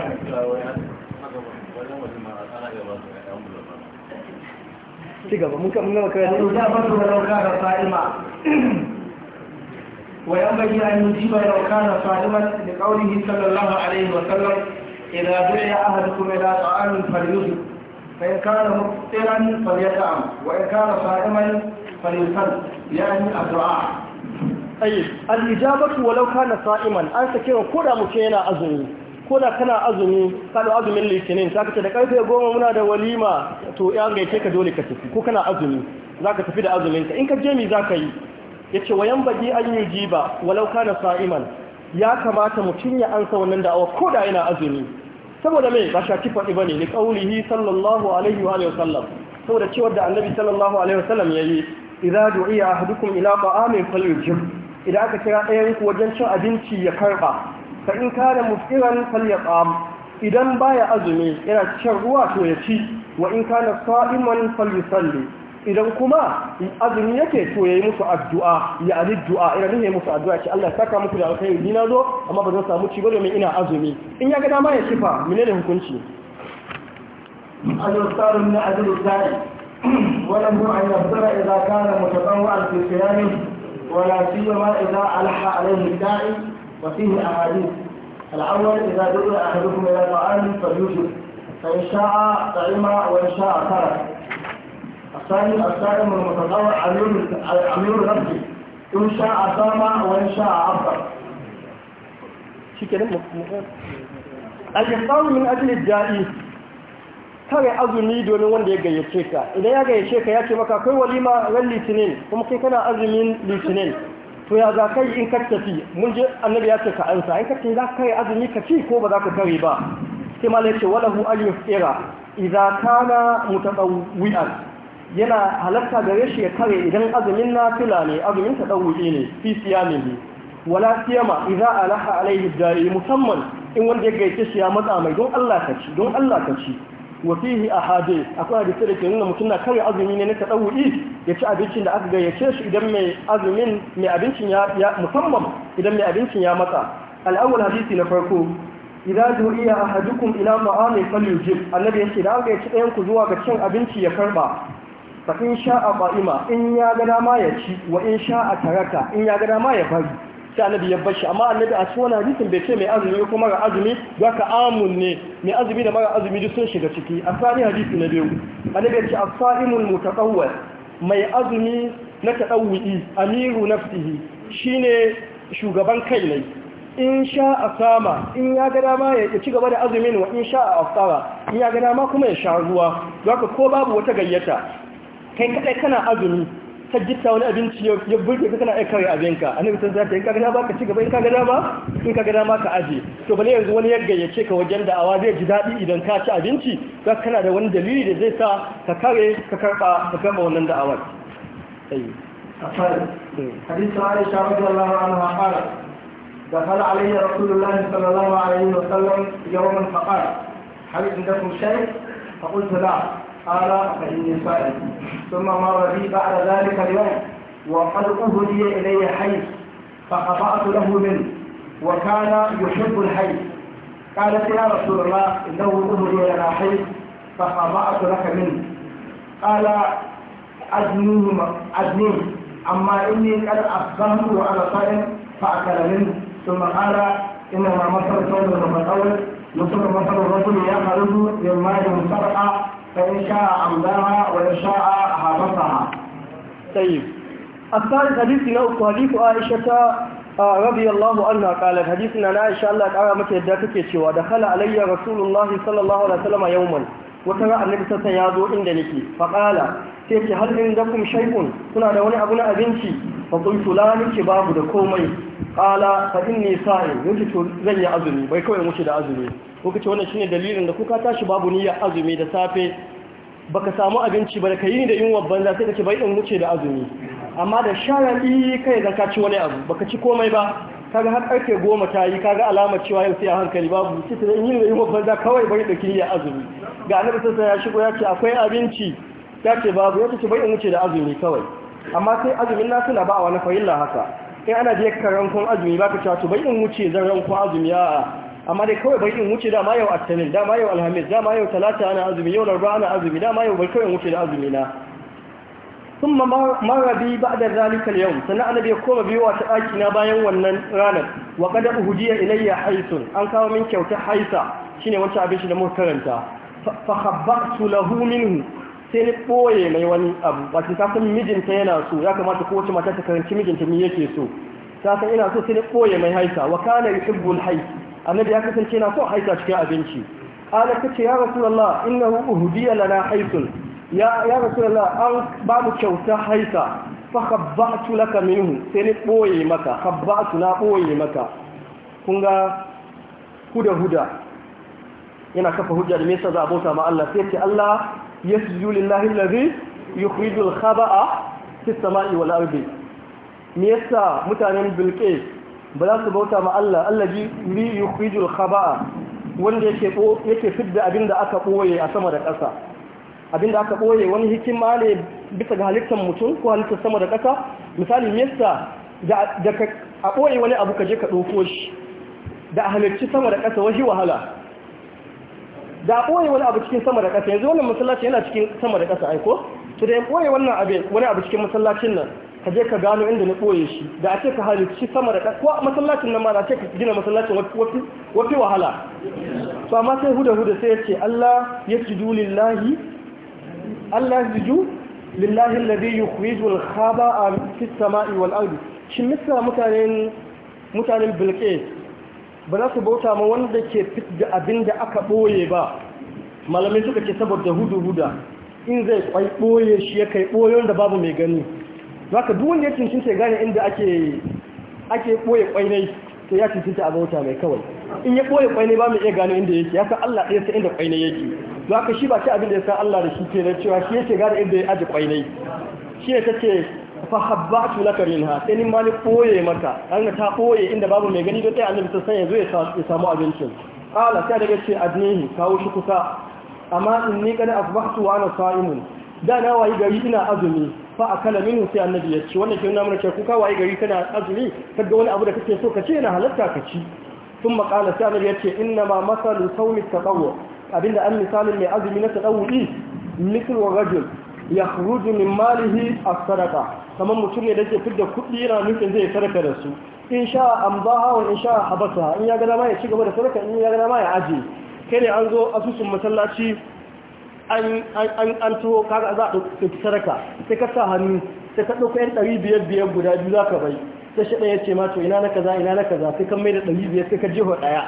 Speaker 1: ci gaba mun kan gama kare to da ba to da wa an yujiba law kana sallallahu alaihi wa sallam idza du'iya Kuma da ta'amin falyujib fa in kana muftiran falyat'am wa in kana sa'iman falyusal yani ad'a ayyib al-ijabatu walau kana sa'iman an sake ko da mutum yana azumi ko da kana azumi kana azumin litinin za ka ce da karfe goma muna da walima to ya gaice ka dole ka tafi ko kana azumi za ka tafi da azuminka in ka je mi za ka yi ya ce wayan baki an yi jiba walau kana sa'iman ya kamata mutum ya ansa wannan da'awa ko da yana azumi saboda mai ba shaki faɗi ba ne da ƙaunihi sallallahu alaihi wa sallam saboda cewar da annabi sallallahu alaihi wa sallam ya yi idan du'iya ahadukum ila ta'amin falyujib idan aka kira ɗayan ku wajen cin abinci ya karɓa fa in kana muftiran falyaqam idan baya azumi yana cikin ruwa to ya ci wa in kana sa'iman falyusalli idan kuma azumi yake to yayi musu addu'a ya ali du'a ina ne musu addu'a ce Allah saka muku da alkhairi ni zo amma ba zan samu ci ba domin ina azumi in ya ga dama ya kifa menene hukunci ولا سيما إذا ألحى عليه الدائم fi وفيه أحاديث الأول إذا دعي أحدكم إلى طعام فليوجب فإن شاء طعم وإن شاء ترك الثاني الصائم المتطوع عمير نفسه إن شاء صام وإن شاء عبر الإفطار من أجل الجائز kare azumi domin wanda ya gayyace ka idan ya gayyace ka ya ce maka kai walima ran litinin kuma kai kana azumin litinin to ya za kai in ka fi mun je annabi ya ce ka ansa in ka za ka yi azumi ka ci ko ba za ka kare ba sai malai ce walahu an yusira idza kana mutatawwi'an yana halatta gare shi ya kare idan azumin nafila ne azumin ta dawuɗe ne fi bi. wala siyama idza alaha alaihi dari musamman in wanda ya gaice shi ya matsa mai don Allah ka ci Wasihi a ahadi akwai hadisai da ke nuna mutum na kawai azumi ne na tadawu'i ya ci abincin da aka gayyace shi idan mai azumin mai abincin ya musamman idan mai abincin ya matsa al'awwal hadisi na farko idan du'iya ahadukum ila ma'amin falyujib annabi ce, da aka ci ɗayan ku zuwa ga cin abinci ya karba fa sha a ba'ima in ya ga dama ya ci wa in sha'a taraka in ya ga dama ya bari sai annabi ya bashi amma annabi a cikin hadisin bai ce mai azumi ko mara azumi ga ka amun ne mai azumi da mara azumi duk sun shiga ciki a sani hadisi na biyu annabi ya ce as-sa'imul mutatawwal mai azumi na tadawwi amiru nafsihi shine shugaban kai ne in sha a in ya ga dama ya ci gaba da azumin wa in sha a afsara in ya ga dama kuma ya sha ruwa ga ko babu wata gayyata kai kadai kana azumi ka gitta wani abinci ya burge ka kana aikawai abinka annabi sun zata in ka gada ba ka ci gaba in ka gada ba in ka gada ma ka aje to bale yanzu wani ya ce ka wajen da awa zai ji daɗi idan ka ci abinci ka kana da wani dalili da zai sa ka kare ka karɓa ka karɓa wannan da awa. دخل علي رسول الله صلى الله عليه وسلم يوما فقال هل عندكم شيء؟ فقلت لا قال فإني سائل ثم مر بي بعد ذلك اليوم وقد أهدي إلي حي فقطعت له منه وكان يحب الحي قالت يا رسول الله إنه أهدي لنا حي فقطعت لك منه قال أدنيه أدنيه أما إني قد أفضلت وأنا صائم فأكل منه ثم قال إنما مثل صوم المتطوع مثل مثل الرجل يخرج من ماء سرقة فإن شاء أمداها وإن شاء حبسها طيب الثالث حديث نوك حديث عائشة رضي الله عنها قالت حديثنا عائشة الله تعالى متى يدتك شوى دخل علي رسول الله صلى الله عليه وسلم يوما وترى النبي صلى الله عليه وسلم عندك فقال كيف هل عندكم شيء كنا دوني أبونا أبنتي فقلت لا نكي باب دكومي kala fa inni sa'i yake to zan yi azumi bai kawai muke da azumi kuka ce wannan shine dalilin da kuka tashi babu niyyar azumi da safe baka samu abinci ba da kai ni da wabban banza sai kace bai in muke da azumi amma da sharadi kai da ka ci wani abu baka ci komai ba kaga har karfe goma ta yi kaga alamar cewa yau sai a hankali babu ci yi yi da wabban banza kawai bai da niyyar azumi ga annabi sai ya shigo ya akwai abinci ya ce babu ya ce bai in muke da azumi kawai amma sai azumin na suna ba a wani fa'illa haka in ana je ka rankon azumi baka cewa to bai in wuce zan rankon azumi a amma dai kawai bai in wuce dama yau attanin dama yau alhamis dama yau talata ana azumi yau larba ana azumi dama yau bai kawai in wuce da azumi na sun ma marabi ba da zalikal yau sannan annabi ya koma biyuwa ta ɗaki na bayan wannan ranar wa kada uhudiya ilayya haisun an kawo min kyauta haisa shine wancan abinci da muka karanta fa khabbatu lahu minhu sai ni ɓoye mai wani abu ba ta san mijinta yana so ya kamata ko wace mata ta karanci mijinta ni yake so ta san ina so sai ni ɓoye mai haisa wa kana yuhibbul hais annabi ya kasance na so haisa cikin abinci qala kace ya rasulullah innahu uhdiya lana haisun ya ya rasulullah an ba mu kyauta haisa fa khabbatu laka minhu sai ni ɓoye maka khabbatu na ɓoye maka kun ga huda huda yana kafa hujja da mesa za a bauta ma Allah sai ce Allah yasjudu lillahi allazi yukhrijul khaba'a fis sama'i wal ardi me yasa mutanen bilqis ba za su bauta ma Allah allazi li yukhrijul khaba'a wanda yake yake fidda abinda aka koye a sama da ƙasa abinda aka koye wani hikima ne bisa ga halittar mutum ko halittar sama da ƙasa misali me yasa da a koye wani abu ka je ka ɗauko shi da a sama da ƙasa wahi wahala da ɓoye wani abu cikin sama da ƙasa yanzu wannan masallaci yana cikin sama da ƙasa aiko to da ya ɓoye wannan abu wani abu cikin masallacin nan ka je ka gano inda na ɓoye shi da a ce ka halicci sama da ƙasa ko masallacin nan ma da a ce ka gina masallacin wafi wahala to amma sai huda huda sai ya ce Allah ya sujudu lillahi Allah sujudu lillahi alladhi yukhrijul khaba'a fis sama'i wal ardi shin mutane mutanen Bilqis ba za su bauta ma wanda ke fit da abin da aka ɓoye ba malamai suka ce saboda hudu-huda in zai kwai ɓoye shi ya kai ɓoye wanda babu mai gani za ka duk wanda ya sai gane inda ake ɓoye kwainai to ya cincinta a bauta mai kawai in ya ɓoye kwainai ba mai iya gane inda yake ya san Allah ɗaya sa inda kwainai yake za ka shi ba ce abin da ya san Allah da shi ke na cewa shi yake gane inda ya aji kwainai shi ne ta ce fahabbatu laka minha sai ni mali koye maka an ta koye inda babu mai gani don sai annabi sun sanya zo ya samu abincin qala sai daga ce adnihi kawo shi kusa amma inni kana asbahtu wa ana sa'imun da na wayi gari ina azumi fa akala minhu sai annabi ya ci wannan kin namuna ce ku ka wayi gari kana azumi kaga wani abu da kake so ka ce yana halatta ka ci sun makala sai annabi ya in na ma masalu sawmi tatawwu abinda an misalin mai azumi na tatawwu mislu ya ruju min malihi a sadaka kamar mutum ne da ke fidda kuɗi yana nufin zai sadaka da su in sha an ba in sha habasa in ya gada ma ya ci gaba da sadaka in ya gada ma ya aji, kai ne an zo asusun masallaci an tuwo kaga za a ɗauki sadaka sai ka sa hannu sai ka ɗauka yan ɗari biyar biyar guda biyu za ka bai sai shi ɗaya ce mato ina na kaza ina na kaza sai kan mai da ɗari biyar sai ka jeho ɗaya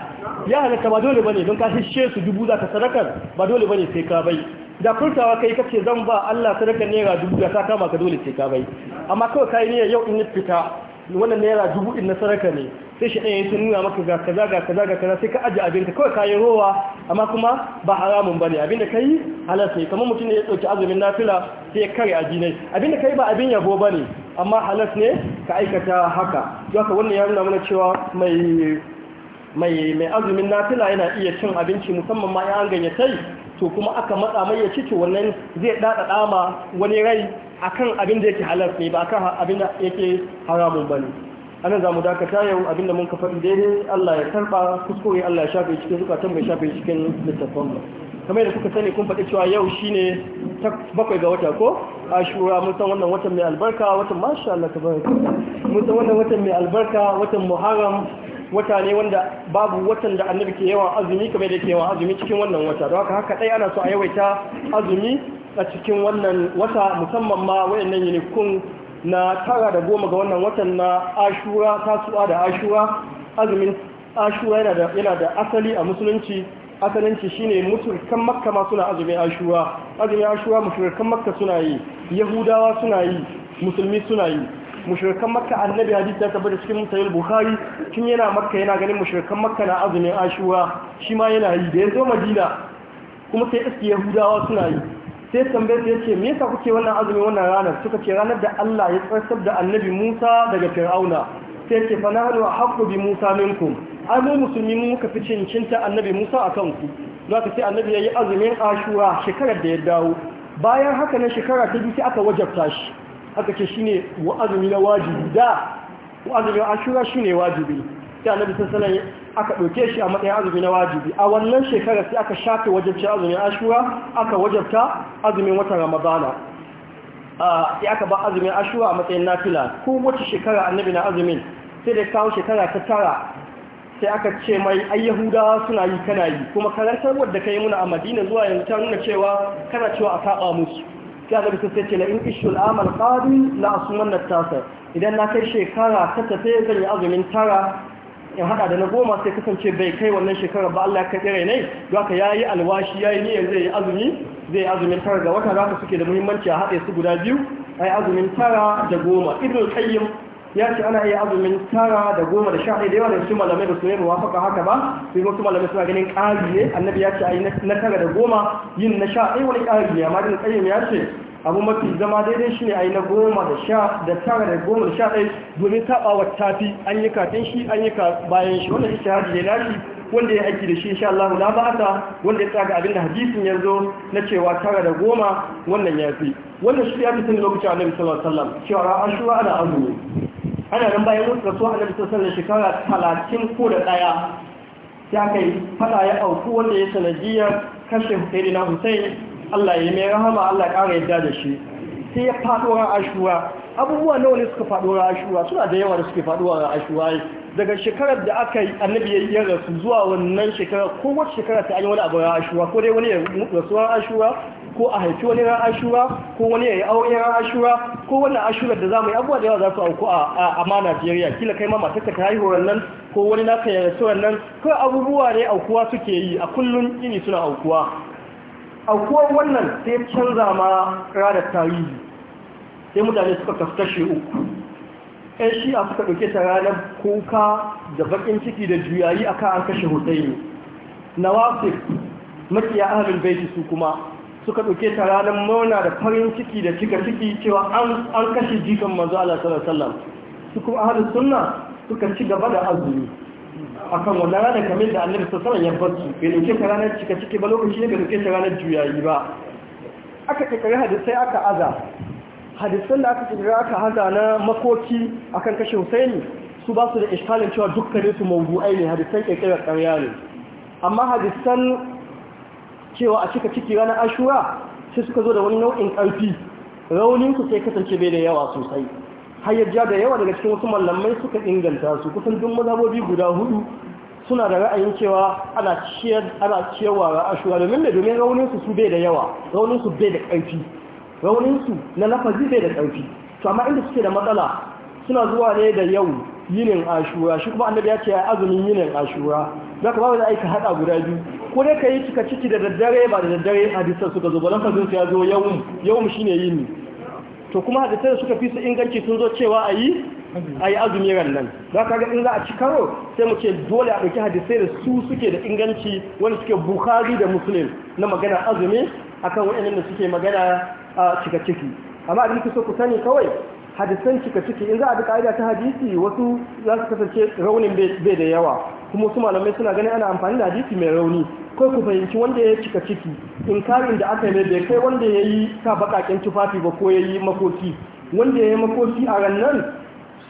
Speaker 1: ya halatta ba dole bane don ka hishe su dubu za ka sadakar ba dole bane sai ka bai da furtawa kai kace zan ba Allah sadaka naira dubu da saka kama ka dole sai ka bai amma kawai kai ne yau in fita wannan naira dubu in na sadaka ne sai shi ɗaya ya nuna maka ga kaza ga kaza ga kaza sai ka aje abinka kawai ka rowa amma kuma ba haramun bane abinda kai halal sai kamar mutum ne ya dauki azumin nafila sai ya kare addinai abinda kai ba abin yabo bane amma halal ne ka aikata haka to haka wannan ya nuna mana cewa mai mai mai azumin nafila yana iya cin abinci musamman ma ya an ganyatai to kuma aka matsa mai ya ciki wannan zai dada dama wani rai akan abin da yake halal ne ba akan abin da yake haramun bane anan zamu dakata yau abin da mun ka faɗi daidai Allah ya karba kuskure Allah ya shafe cikin zukatan mai shafe cikin littafin mu kamar yadda kuka sani kun faɗi cewa yau shine bakwai ga wata ko ashura mun san wannan watan mai albarka watan masha Allah tabaraka mun san wannan watan mai albarka watan muharram wata ne wanda babu watan da annabi ke yawan azumi kamar da ke yawan azumi cikin wannan wata don haka haka dai ana so a yawaita azumi a cikin wannan wata musamman ma wayannan yinikun na tara da goma ga wannan watan na ashura tasuwa da ashura azumin ashura yana da yana da asali a musulunci asalinci shine kan makka ma suna azumin ashura azumin ashura kan makka suna yi yahudawa suna yi musulmi suna yi mushrikan makka annabi hadisi ya tabbata cikin sahih bukhari tun yana makka yana ganin mushrikan makka na azumin ashura shi ma yana yi da ya zo madina kuma sai iski yahudawa suna yi sai tambaye sai yace me yasa kuke wannan azumi wannan ranar suka ce ranar da Allah ya tsarsar da annabi Musa daga Fir'auna sai yace fa nahnu haqqu bi Musa minkum ai mu musulmi mu muka fi cincinta annabi Musa akan ku zaka sai annabi yayi azumin Ashura shekarar da ya dawo bayan haka na shekara ta biyu sai aka wajabta shi aka ce ne wa'azumi na wajibi da wa'azumi ashura ne wajibi sai annabi sallallahu alaihi aka ɗauke shi a matsayin azumi na wajibi a wannan shekarar sai aka shafe wajabcin azumin ashura aka wajabta azumin watan ramadana sai aka ba azumin ashura a matsayin nafila ko wacce shekara annabi na azumin sai da kawo shekara ta tara sai aka ce mai ai yahudawa suna yi kana yi kuma karantar wadda kai muna a madina zuwa yanzu ta nuna cewa kana cewa a saba musu sai bisa sai ce la in ishul amal qadi la asumanna tasa idan na kai shekara ta tafe zan yi azumin tara in hada da na goma sai kasance bai kai wannan shekara ba Allah ka tsire ne don haka yayi alwashi yayi niyyar zai yi azumi zai azumin tara ga wata zaka suke da muhimmanci a haɗe su guda biyu ai azumin tara da goma ibnu qayyim ya ce ana iya azumin tara da goma da sha da yawa da su malamai da su ne muwafaka haka ba su yi wasu malamai suna ganin ƙari ne annabi ya ce a yi na tara da goma yin na sha ɗaya wani ƙari ne amma da tsayin ya ce abu mafi zama daidai shi ne a yi na goma da sha da tara da goma da sha ɗaya domin taɓa wa tafi an yi kafin shi an yi bayan shi wannan ita hajji ne nashi wanda ya aiki da shi insha Allah ba ta wanda ya tsaga abinda hadisin yanzu na cewa tara da goma wannan ya fi wannan shi ya fi sun lokacin annabi sallallahu alaihi wasallam cewa ashura ana azumi ana nan bayan mutu rasuwa a nabi da shekara talatin ko da ɗaya ya kai fada ya auku wanda ya sanadiyar kashe hukaini na hussein allah ya mai rahama allah ya ƙara yadda da shi sai ya faɗo ran ashura abubuwa nawa ne suka faɗo ran ashura suna da yawa da suke faɗo ran ashura daga shekarar da aka yi annabi ya rasu zuwa wannan shekarar ko wata shekara ta an yi wani abu ran ashura ko dai wani ya rasu ran ashura ko a haifi wani ran ashura ko wani ya yi aure ran ashura ko wani ashura da za mu yi abubuwa da yawa za su auku a ma Najeriya kila kai ma matarka ta haihuwar nan ko wani naka ya rasu nan ko abubuwa ne aukuwa suke yi a kullum ini suna aukuwa A kuwa wannan sai canza ma ranar tarihi sai mutane suka kaskashe uku ɗan shi'a suka ɗauke ta ranar kuka da baƙin ciki da juyayi a akan an kashe hussaini nawasif makiya ahalin baiti su kuma suka ɗauke ta ranar murna da farin ciki da cika ciki cewa an kashe jikan manzo ala sallallahu alaihi wasallam su kuma ahalin sunna suka ci gaba da azumi akan wanda ranar kamar da annabi sallallahu ya wasallam bai dauke ka ranar cika cike ba lokaci ne bai dauke ta ranar juyayi ba aka kakare hadisai aka aza hadisan da aka kakare aka aza na makoki akan kashe Husaini su ba su da iskalin cewa dukkanin su mawdu'ai ne hadisan kakare karya ne amma hadisan cewa a cika ciki ranar Ashura sai suka zo da wani nau'in ƙarfi raunin su sai kasance bai da yawa sosai hayyaja da yawa daga cikin wasu mallamai suka inganta su kusan duk mazabobi guda hudu suna da ra'ayin cewa ana ciyar ana ciyarwa ga ashura domin da domin raunin su bai da yawa raunin bai da ƙarfi raunin na lafazi bai da ƙarfi to amma inda suke da matsala suna zuwa ne da yau yinin ashura shi kuma annabi ya ce azumin yinin ashura za ka bawa da aika hada guda biyu ko dai ka yi cika ciki da daddare ba da daddare hadisan suka zo ba lafazin su ya zo yawun yawun shine yini to kuma hadisai da suka fi su inganci sun zo cewa a yi a yi azumi nan ba ka ga in za a ci karo sai mu ce dole a ɗauki hadisai da su suke da inganci wani suke bukari da musulun na magana azumi akan waɗannan da suke magana a cika ciki amma abin ki so ku sani kawai hadisan cika ciki in za a bi ka'ida ta hadisi wasu za su kasance raunin bai da yawa kuma wasu malamai suna ganin ana amfani da hadisi mai rauni kai ku fahimci wanda ya cika ciki in karin da aka mai bai kai wanda ya yi sa bakakin tufafi ba ko ya yi makoki wanda ya yi makoki a rannan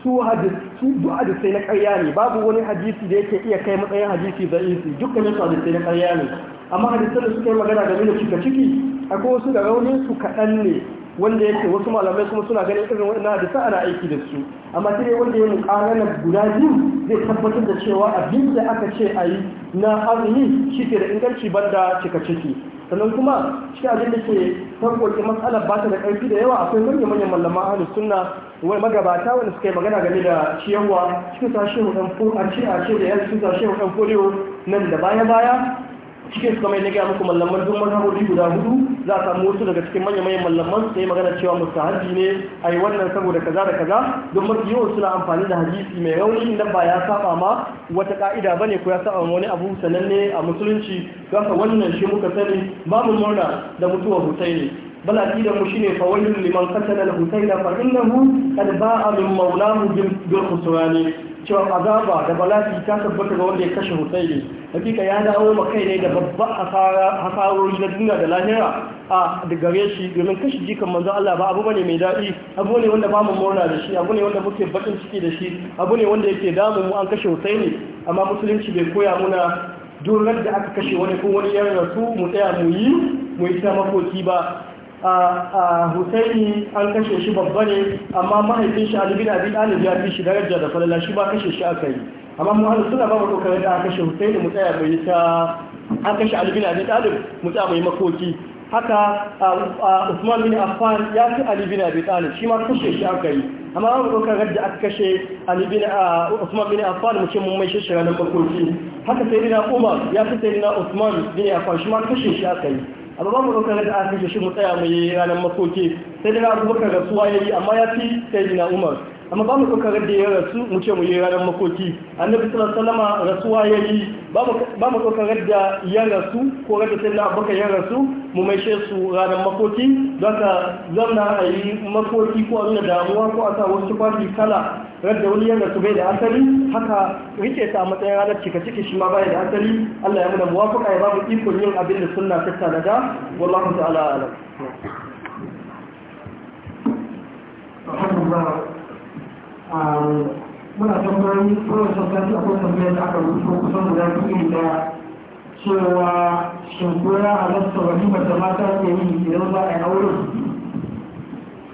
Speaker 1: su hadisai na karya ne babu wani hadisi da yake iya kai matsayin hadisi da isi dukkanin su hadisai na karya ne amma hadisan da suka yi magana game da cika ciki akwai wasu da raunin su kaɗan ne wanda yake wasu malamai kuma suna ganin irin da sa ana aiki da su amma sai dai wanda ya muƙarana guda biyu zai tabbatar da cewa abin da aka ce a yi na azumi shi ke da inganci banda cika ciki sannan kuma shi abin da ke farkoki matsalar ba ta da karfi da yawa akwai manyan manyan mallama ahlus sunna wai magabata wanda suka yi magana game da ciyarwa cikin sashe hudan ko a ce a ce da yan cikin sashe hudan nan da baya baya cikin su kamar gaya muku mallaman duk mazhabobi guda hudu za a samu wasu daga cikin manya-manyan mallaman sai magana cewa hajji ne a yi wannan saboda kaza da kaza don mafi yawan suna amfani da hadisi mai rauni inda ba ya saba ma wata ka'ida ba ne ko ya saba wani abu sananne a musulunci gasa wannan shi muka sani babu murna da mutuwar bala mu ne بل liman شيني فويل لمن قتل الحسين فإنه قد باء من مولاه بالخسران cewa azaba da bala'i ta tabbata ga wanda ya kashe ne hakika ya dawo ma kai ne da babban hasarori na duniya da lahira a da gare shi domin kashe jikan manzo Allah ba abu bane mai daɗi abu ne wanda ba mu murna da shi abu ne wanda muke bakin ciki da shi abu ne wanda yake damu mu an kashe ne amma musulunci bai koya muna durar da aka kashe wani ko wani yan rasu mu tsaya mu yi mu yi ta makoki ba a husaini an kashe shi babba ne amma mahaifin shi alibin abin alib ya fi shi daraja da falala shi ba kashe shi aka yi amma mu halu suna ba mu kokarin da aka kashe husaini mu tsaya bai ta an kashe alibin abin alib mu tsaya mai makoki haka Usman bin Affan ya fi Ali bin Abi Talib shi ma kashe shi aka yi amma an roka da aka kashe Ali bin Usman bin Affan mu ce mun mai shishira na makoki. haka sai Umar ya fi sai Usman bin Affan shi ma kashe shi aka yi amma ba mu ɗaukar da aka shi mu tsaya mu ranar makoki sai da abubakar rasuwa ya yi amma ya fi sai na umar amma ba mu ɗaukar da ya rasu mu ce mu yi ranar makoki annabi sallallahu alaihi wasallam rasuwa ya yi ba mu ɗaukar da ya rasu ko radda sai na ya rasu mu mai shi su ranar makoki don ka zamna a yi makoki ko a damuwa ko a sa wasu kwafi kala radda wani yana rasu bai da asali haka rike ta matsayin ranar cika ciki shi ma bai da asali Allah ya muna muwafaqa ya ba mu ikon yin abin da suna ta tanada wallahu ta'ala alam الحمد لله muna tambayoyi kawai sassafi akwai tambayar da aka rufe kusan guda biyu da cewa shinkura halatta wani mata mata ke yi idan za a yi auren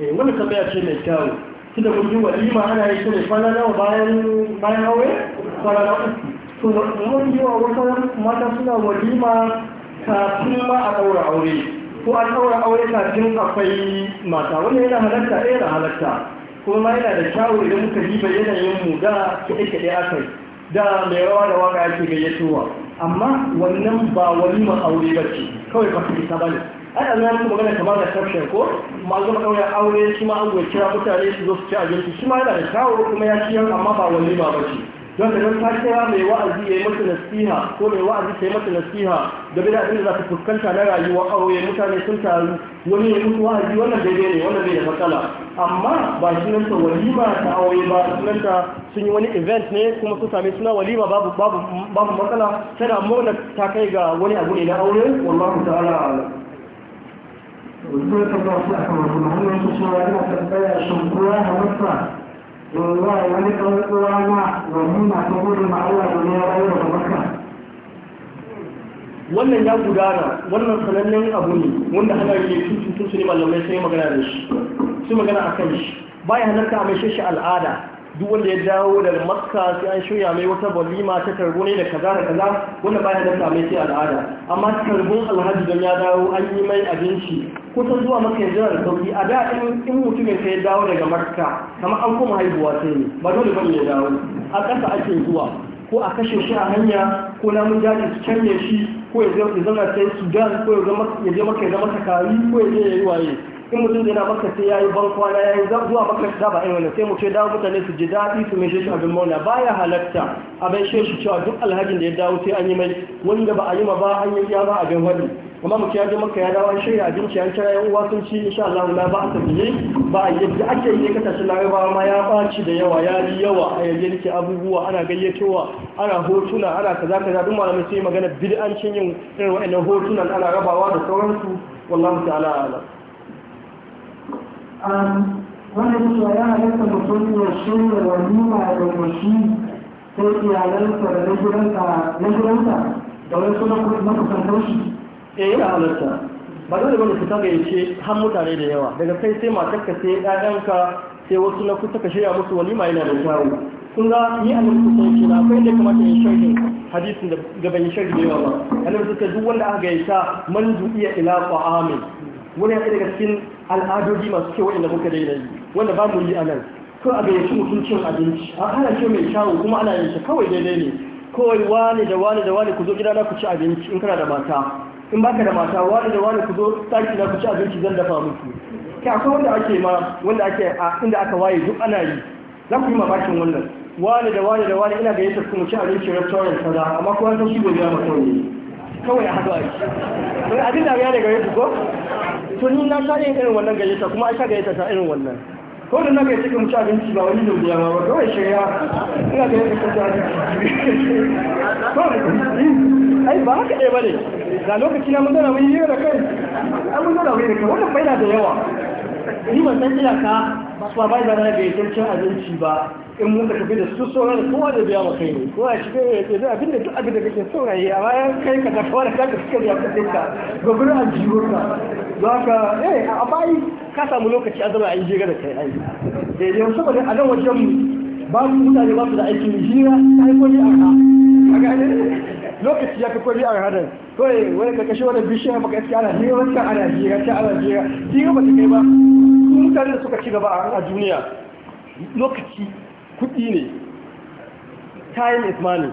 Speaker 1: eh, wani tambaya ce mai kyau su da kuji walima ana yi shi ne kwana nawa bayan aure kwana nawa to mun yi wa wasu mata suna walima kafin ma a ɗaura aure ko an ɗaura aure kafin akwai mata wani yana halatta ɗaya eh, na halatta kuma yana da kyawu idan muka yi yin mu da kaɗe kiɗe aka yi da mai rawa da waka ake gayyatowa amma wannan ba wani ma'aure ba ce kawai ba su ba ne ana na kuma magana kamar da kafshen ko ma zama kawai aure shi ma an kira mutane su zo su ci abinci shi ma yana da kyawu kuma ya ciyar amma ba wani ma ba ce don da nan ta kira mai wa'azi ya yi mata nasiha ko mai wa'azi ta yi mata nasiha da bai da za ta fuskanta na rayuwa aure mutane sun taru wani ya mutu wa'azi wannan daidai ne wannan bai da matsala amma ba sunan ta walima ta aure ba sunan ta sun yi wani event ne kuma sun sami suna walima babu babu babu matsala tana murna ta kai ga wani abu ne na aure wallahu ta'ala a'lam Wasu ne ta ba su a kan wasu mahimmanci suna yana tambaya shan kowa halatta wallahi wani ɗan uwa na wahima ta gudu ma Allah da ya rayu da wannan ya gudana wannan sanannen abu ne wanda ana yi tututun su ne malamai sai magana da shi su magana a kan shi baya halarta a mai shi al'ada duk wanda ya dawo daga makka sai an shirya mai wata balima ta karbo ne da kaza da kaza wanda baya da same shi al'ada amma karbon alhaji don ya dawo an yi mai abinci kusan zuwa maka yanzu da sauki a da in mutumin mutum ya dawo daga makka kamar an kuma haihuwa sai ne ba dole ba ya dawo a ƙasa ake zuwa ko a kashe shi a hanya ko namun daji su canye shi ko ya zama sai sudan ko ya zama maka ya zama takari ko ya je ya yi waye in mutum zai na maka sai ya yi kwana ya yi zuwa maka shi ba wani sai mu ce dawo mutane su ji daɗi su mai shi abin mauna ba ya halatta a bai shi shi cewa duk alhajin da ya dawo sai an yi mai wanda ba a yi ma ba an yi ya ba abin wani amma mu ya ji maka ya dawo shirya abinci an kira yan uwa sun ci insha Allah la ba a tafiye ba a yadda ake yi lawa ba ma ya baci da yawa ya yi yawa a yayyanke abubuwa ana gayyatowa ana hotuna ana kaza kaza duk malamai sai magana bid'ancin yin irin wa'annan hotunan ana rabawa da sauransu wallahi ta'ala a'lam wannan cewa ya halatta mutum ya shirya walima da mashi sai iyalansa da na gidansa da wasu na kusantar shi eh ya halatta ba zai wani fita ga yace har mutane da yawa daga kai sai takka sai ɗayanka sai wasu na kusa ka shirya musu walima yana da kyawu kun ga ni a nan kusanci na akwai da kamata in shirya hadisin da gaban yi shari da yawa ba annabi suka duk wanda aka gaisa man du'iya ila amin wani ya daga cikin al'adodi masu kyau waɗanda muka daina yi wanda ba mu yi a nan ko a gayyaci mutuncin cin abinci a hana ce mai kyawu kuma ana yin shi kawai daidai ne kawai wani da wani da wani ku zo gida na ku ci abinci in kana da mata in baka da mata wani da wani ku zo taki na ku ci abinci zan dafa muku kai akwai wanda ake ma wanda ake a inda aka waye duk ana yi za ku yi mamakin wannan wani da wani da wani ina gayyatar ku mu ci abinci restaurant kaza amma kuma san shi gobe ya mutum kawai a haɗu a yi wani abin da ya daga yadda ko to ni na sha yin irin wannan gayyata kuma a sha gayyata ta irin wannan ko da na gayyata kan ci abinci ba wani dubiya ma ba kawai shirya ina yadda gayyata kan ci abinci ai ba haka ɗaya ba ne ga lokaci na mun zana mun yi da kai an mun zana mun yi da kai wannan bai na da yawa ni ban san iyaka supervisor da gayyataccen abinci ba in mun tafi da su sauran kowa da biya maka ne kowa shi kai ya ce abin da duk abin da kake saurayi a bayan kai ka tafi wani kaka suka biya kudin ka ga gurin aljihunka za ka eh a bayi ka samu lokaci a zama a yi jira da kai ai da yau eh, saboda a nan wajen mu ba mu mutane ba su da aikin jira ta yi kwari a ka ha lokaci ya fi kwari a hadar kawai wani karkashin wani bishiyar baka iske ana hira wancan ana jira ta ana hira hira ba ta kai ba mutane da suka ci gaba a duniya lokaci kuɗi ne time is money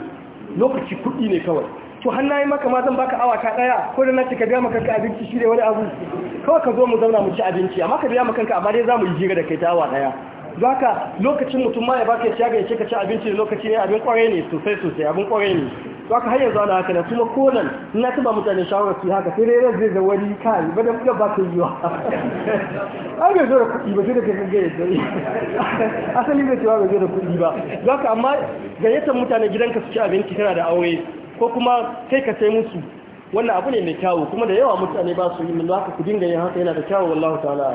Speaker 1: lokaci kuɗi ne kawai to nayi maka ma zan baka awa ka daya ko da nace ka biya maka kanka abinci shi wani abu kawai ka zo mu zauna mu ci abinci amma ka biya maka kanka amma dai zamu yi jira da kai ta awa daya don haka lokacin mutum ma ya baka ya ci ce ka ci abinci lokaci ne abin kwarai ne sosai sosai abin kwarai ne to aka har yanzu ana haka ne kuma konan ina taba mutane shawarar su haka sai dai zai da wani kai ba dan ba ta yiwa an ga zo da kuɗi ba sai da kai ga yadda asali zai cewa ba zo da kuɗi ba ka amma gayyatar mutane gidanka su ci abinci tana da aure ko kuma kai ka sai musu wannan abu ne mai kyawu kuma da yawa mutane ba su yi min haka ku dinga yin haka yana da kyawu wallahu ta'ala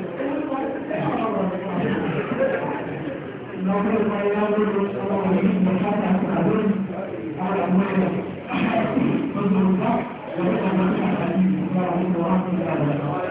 Speaker 1: Thank you.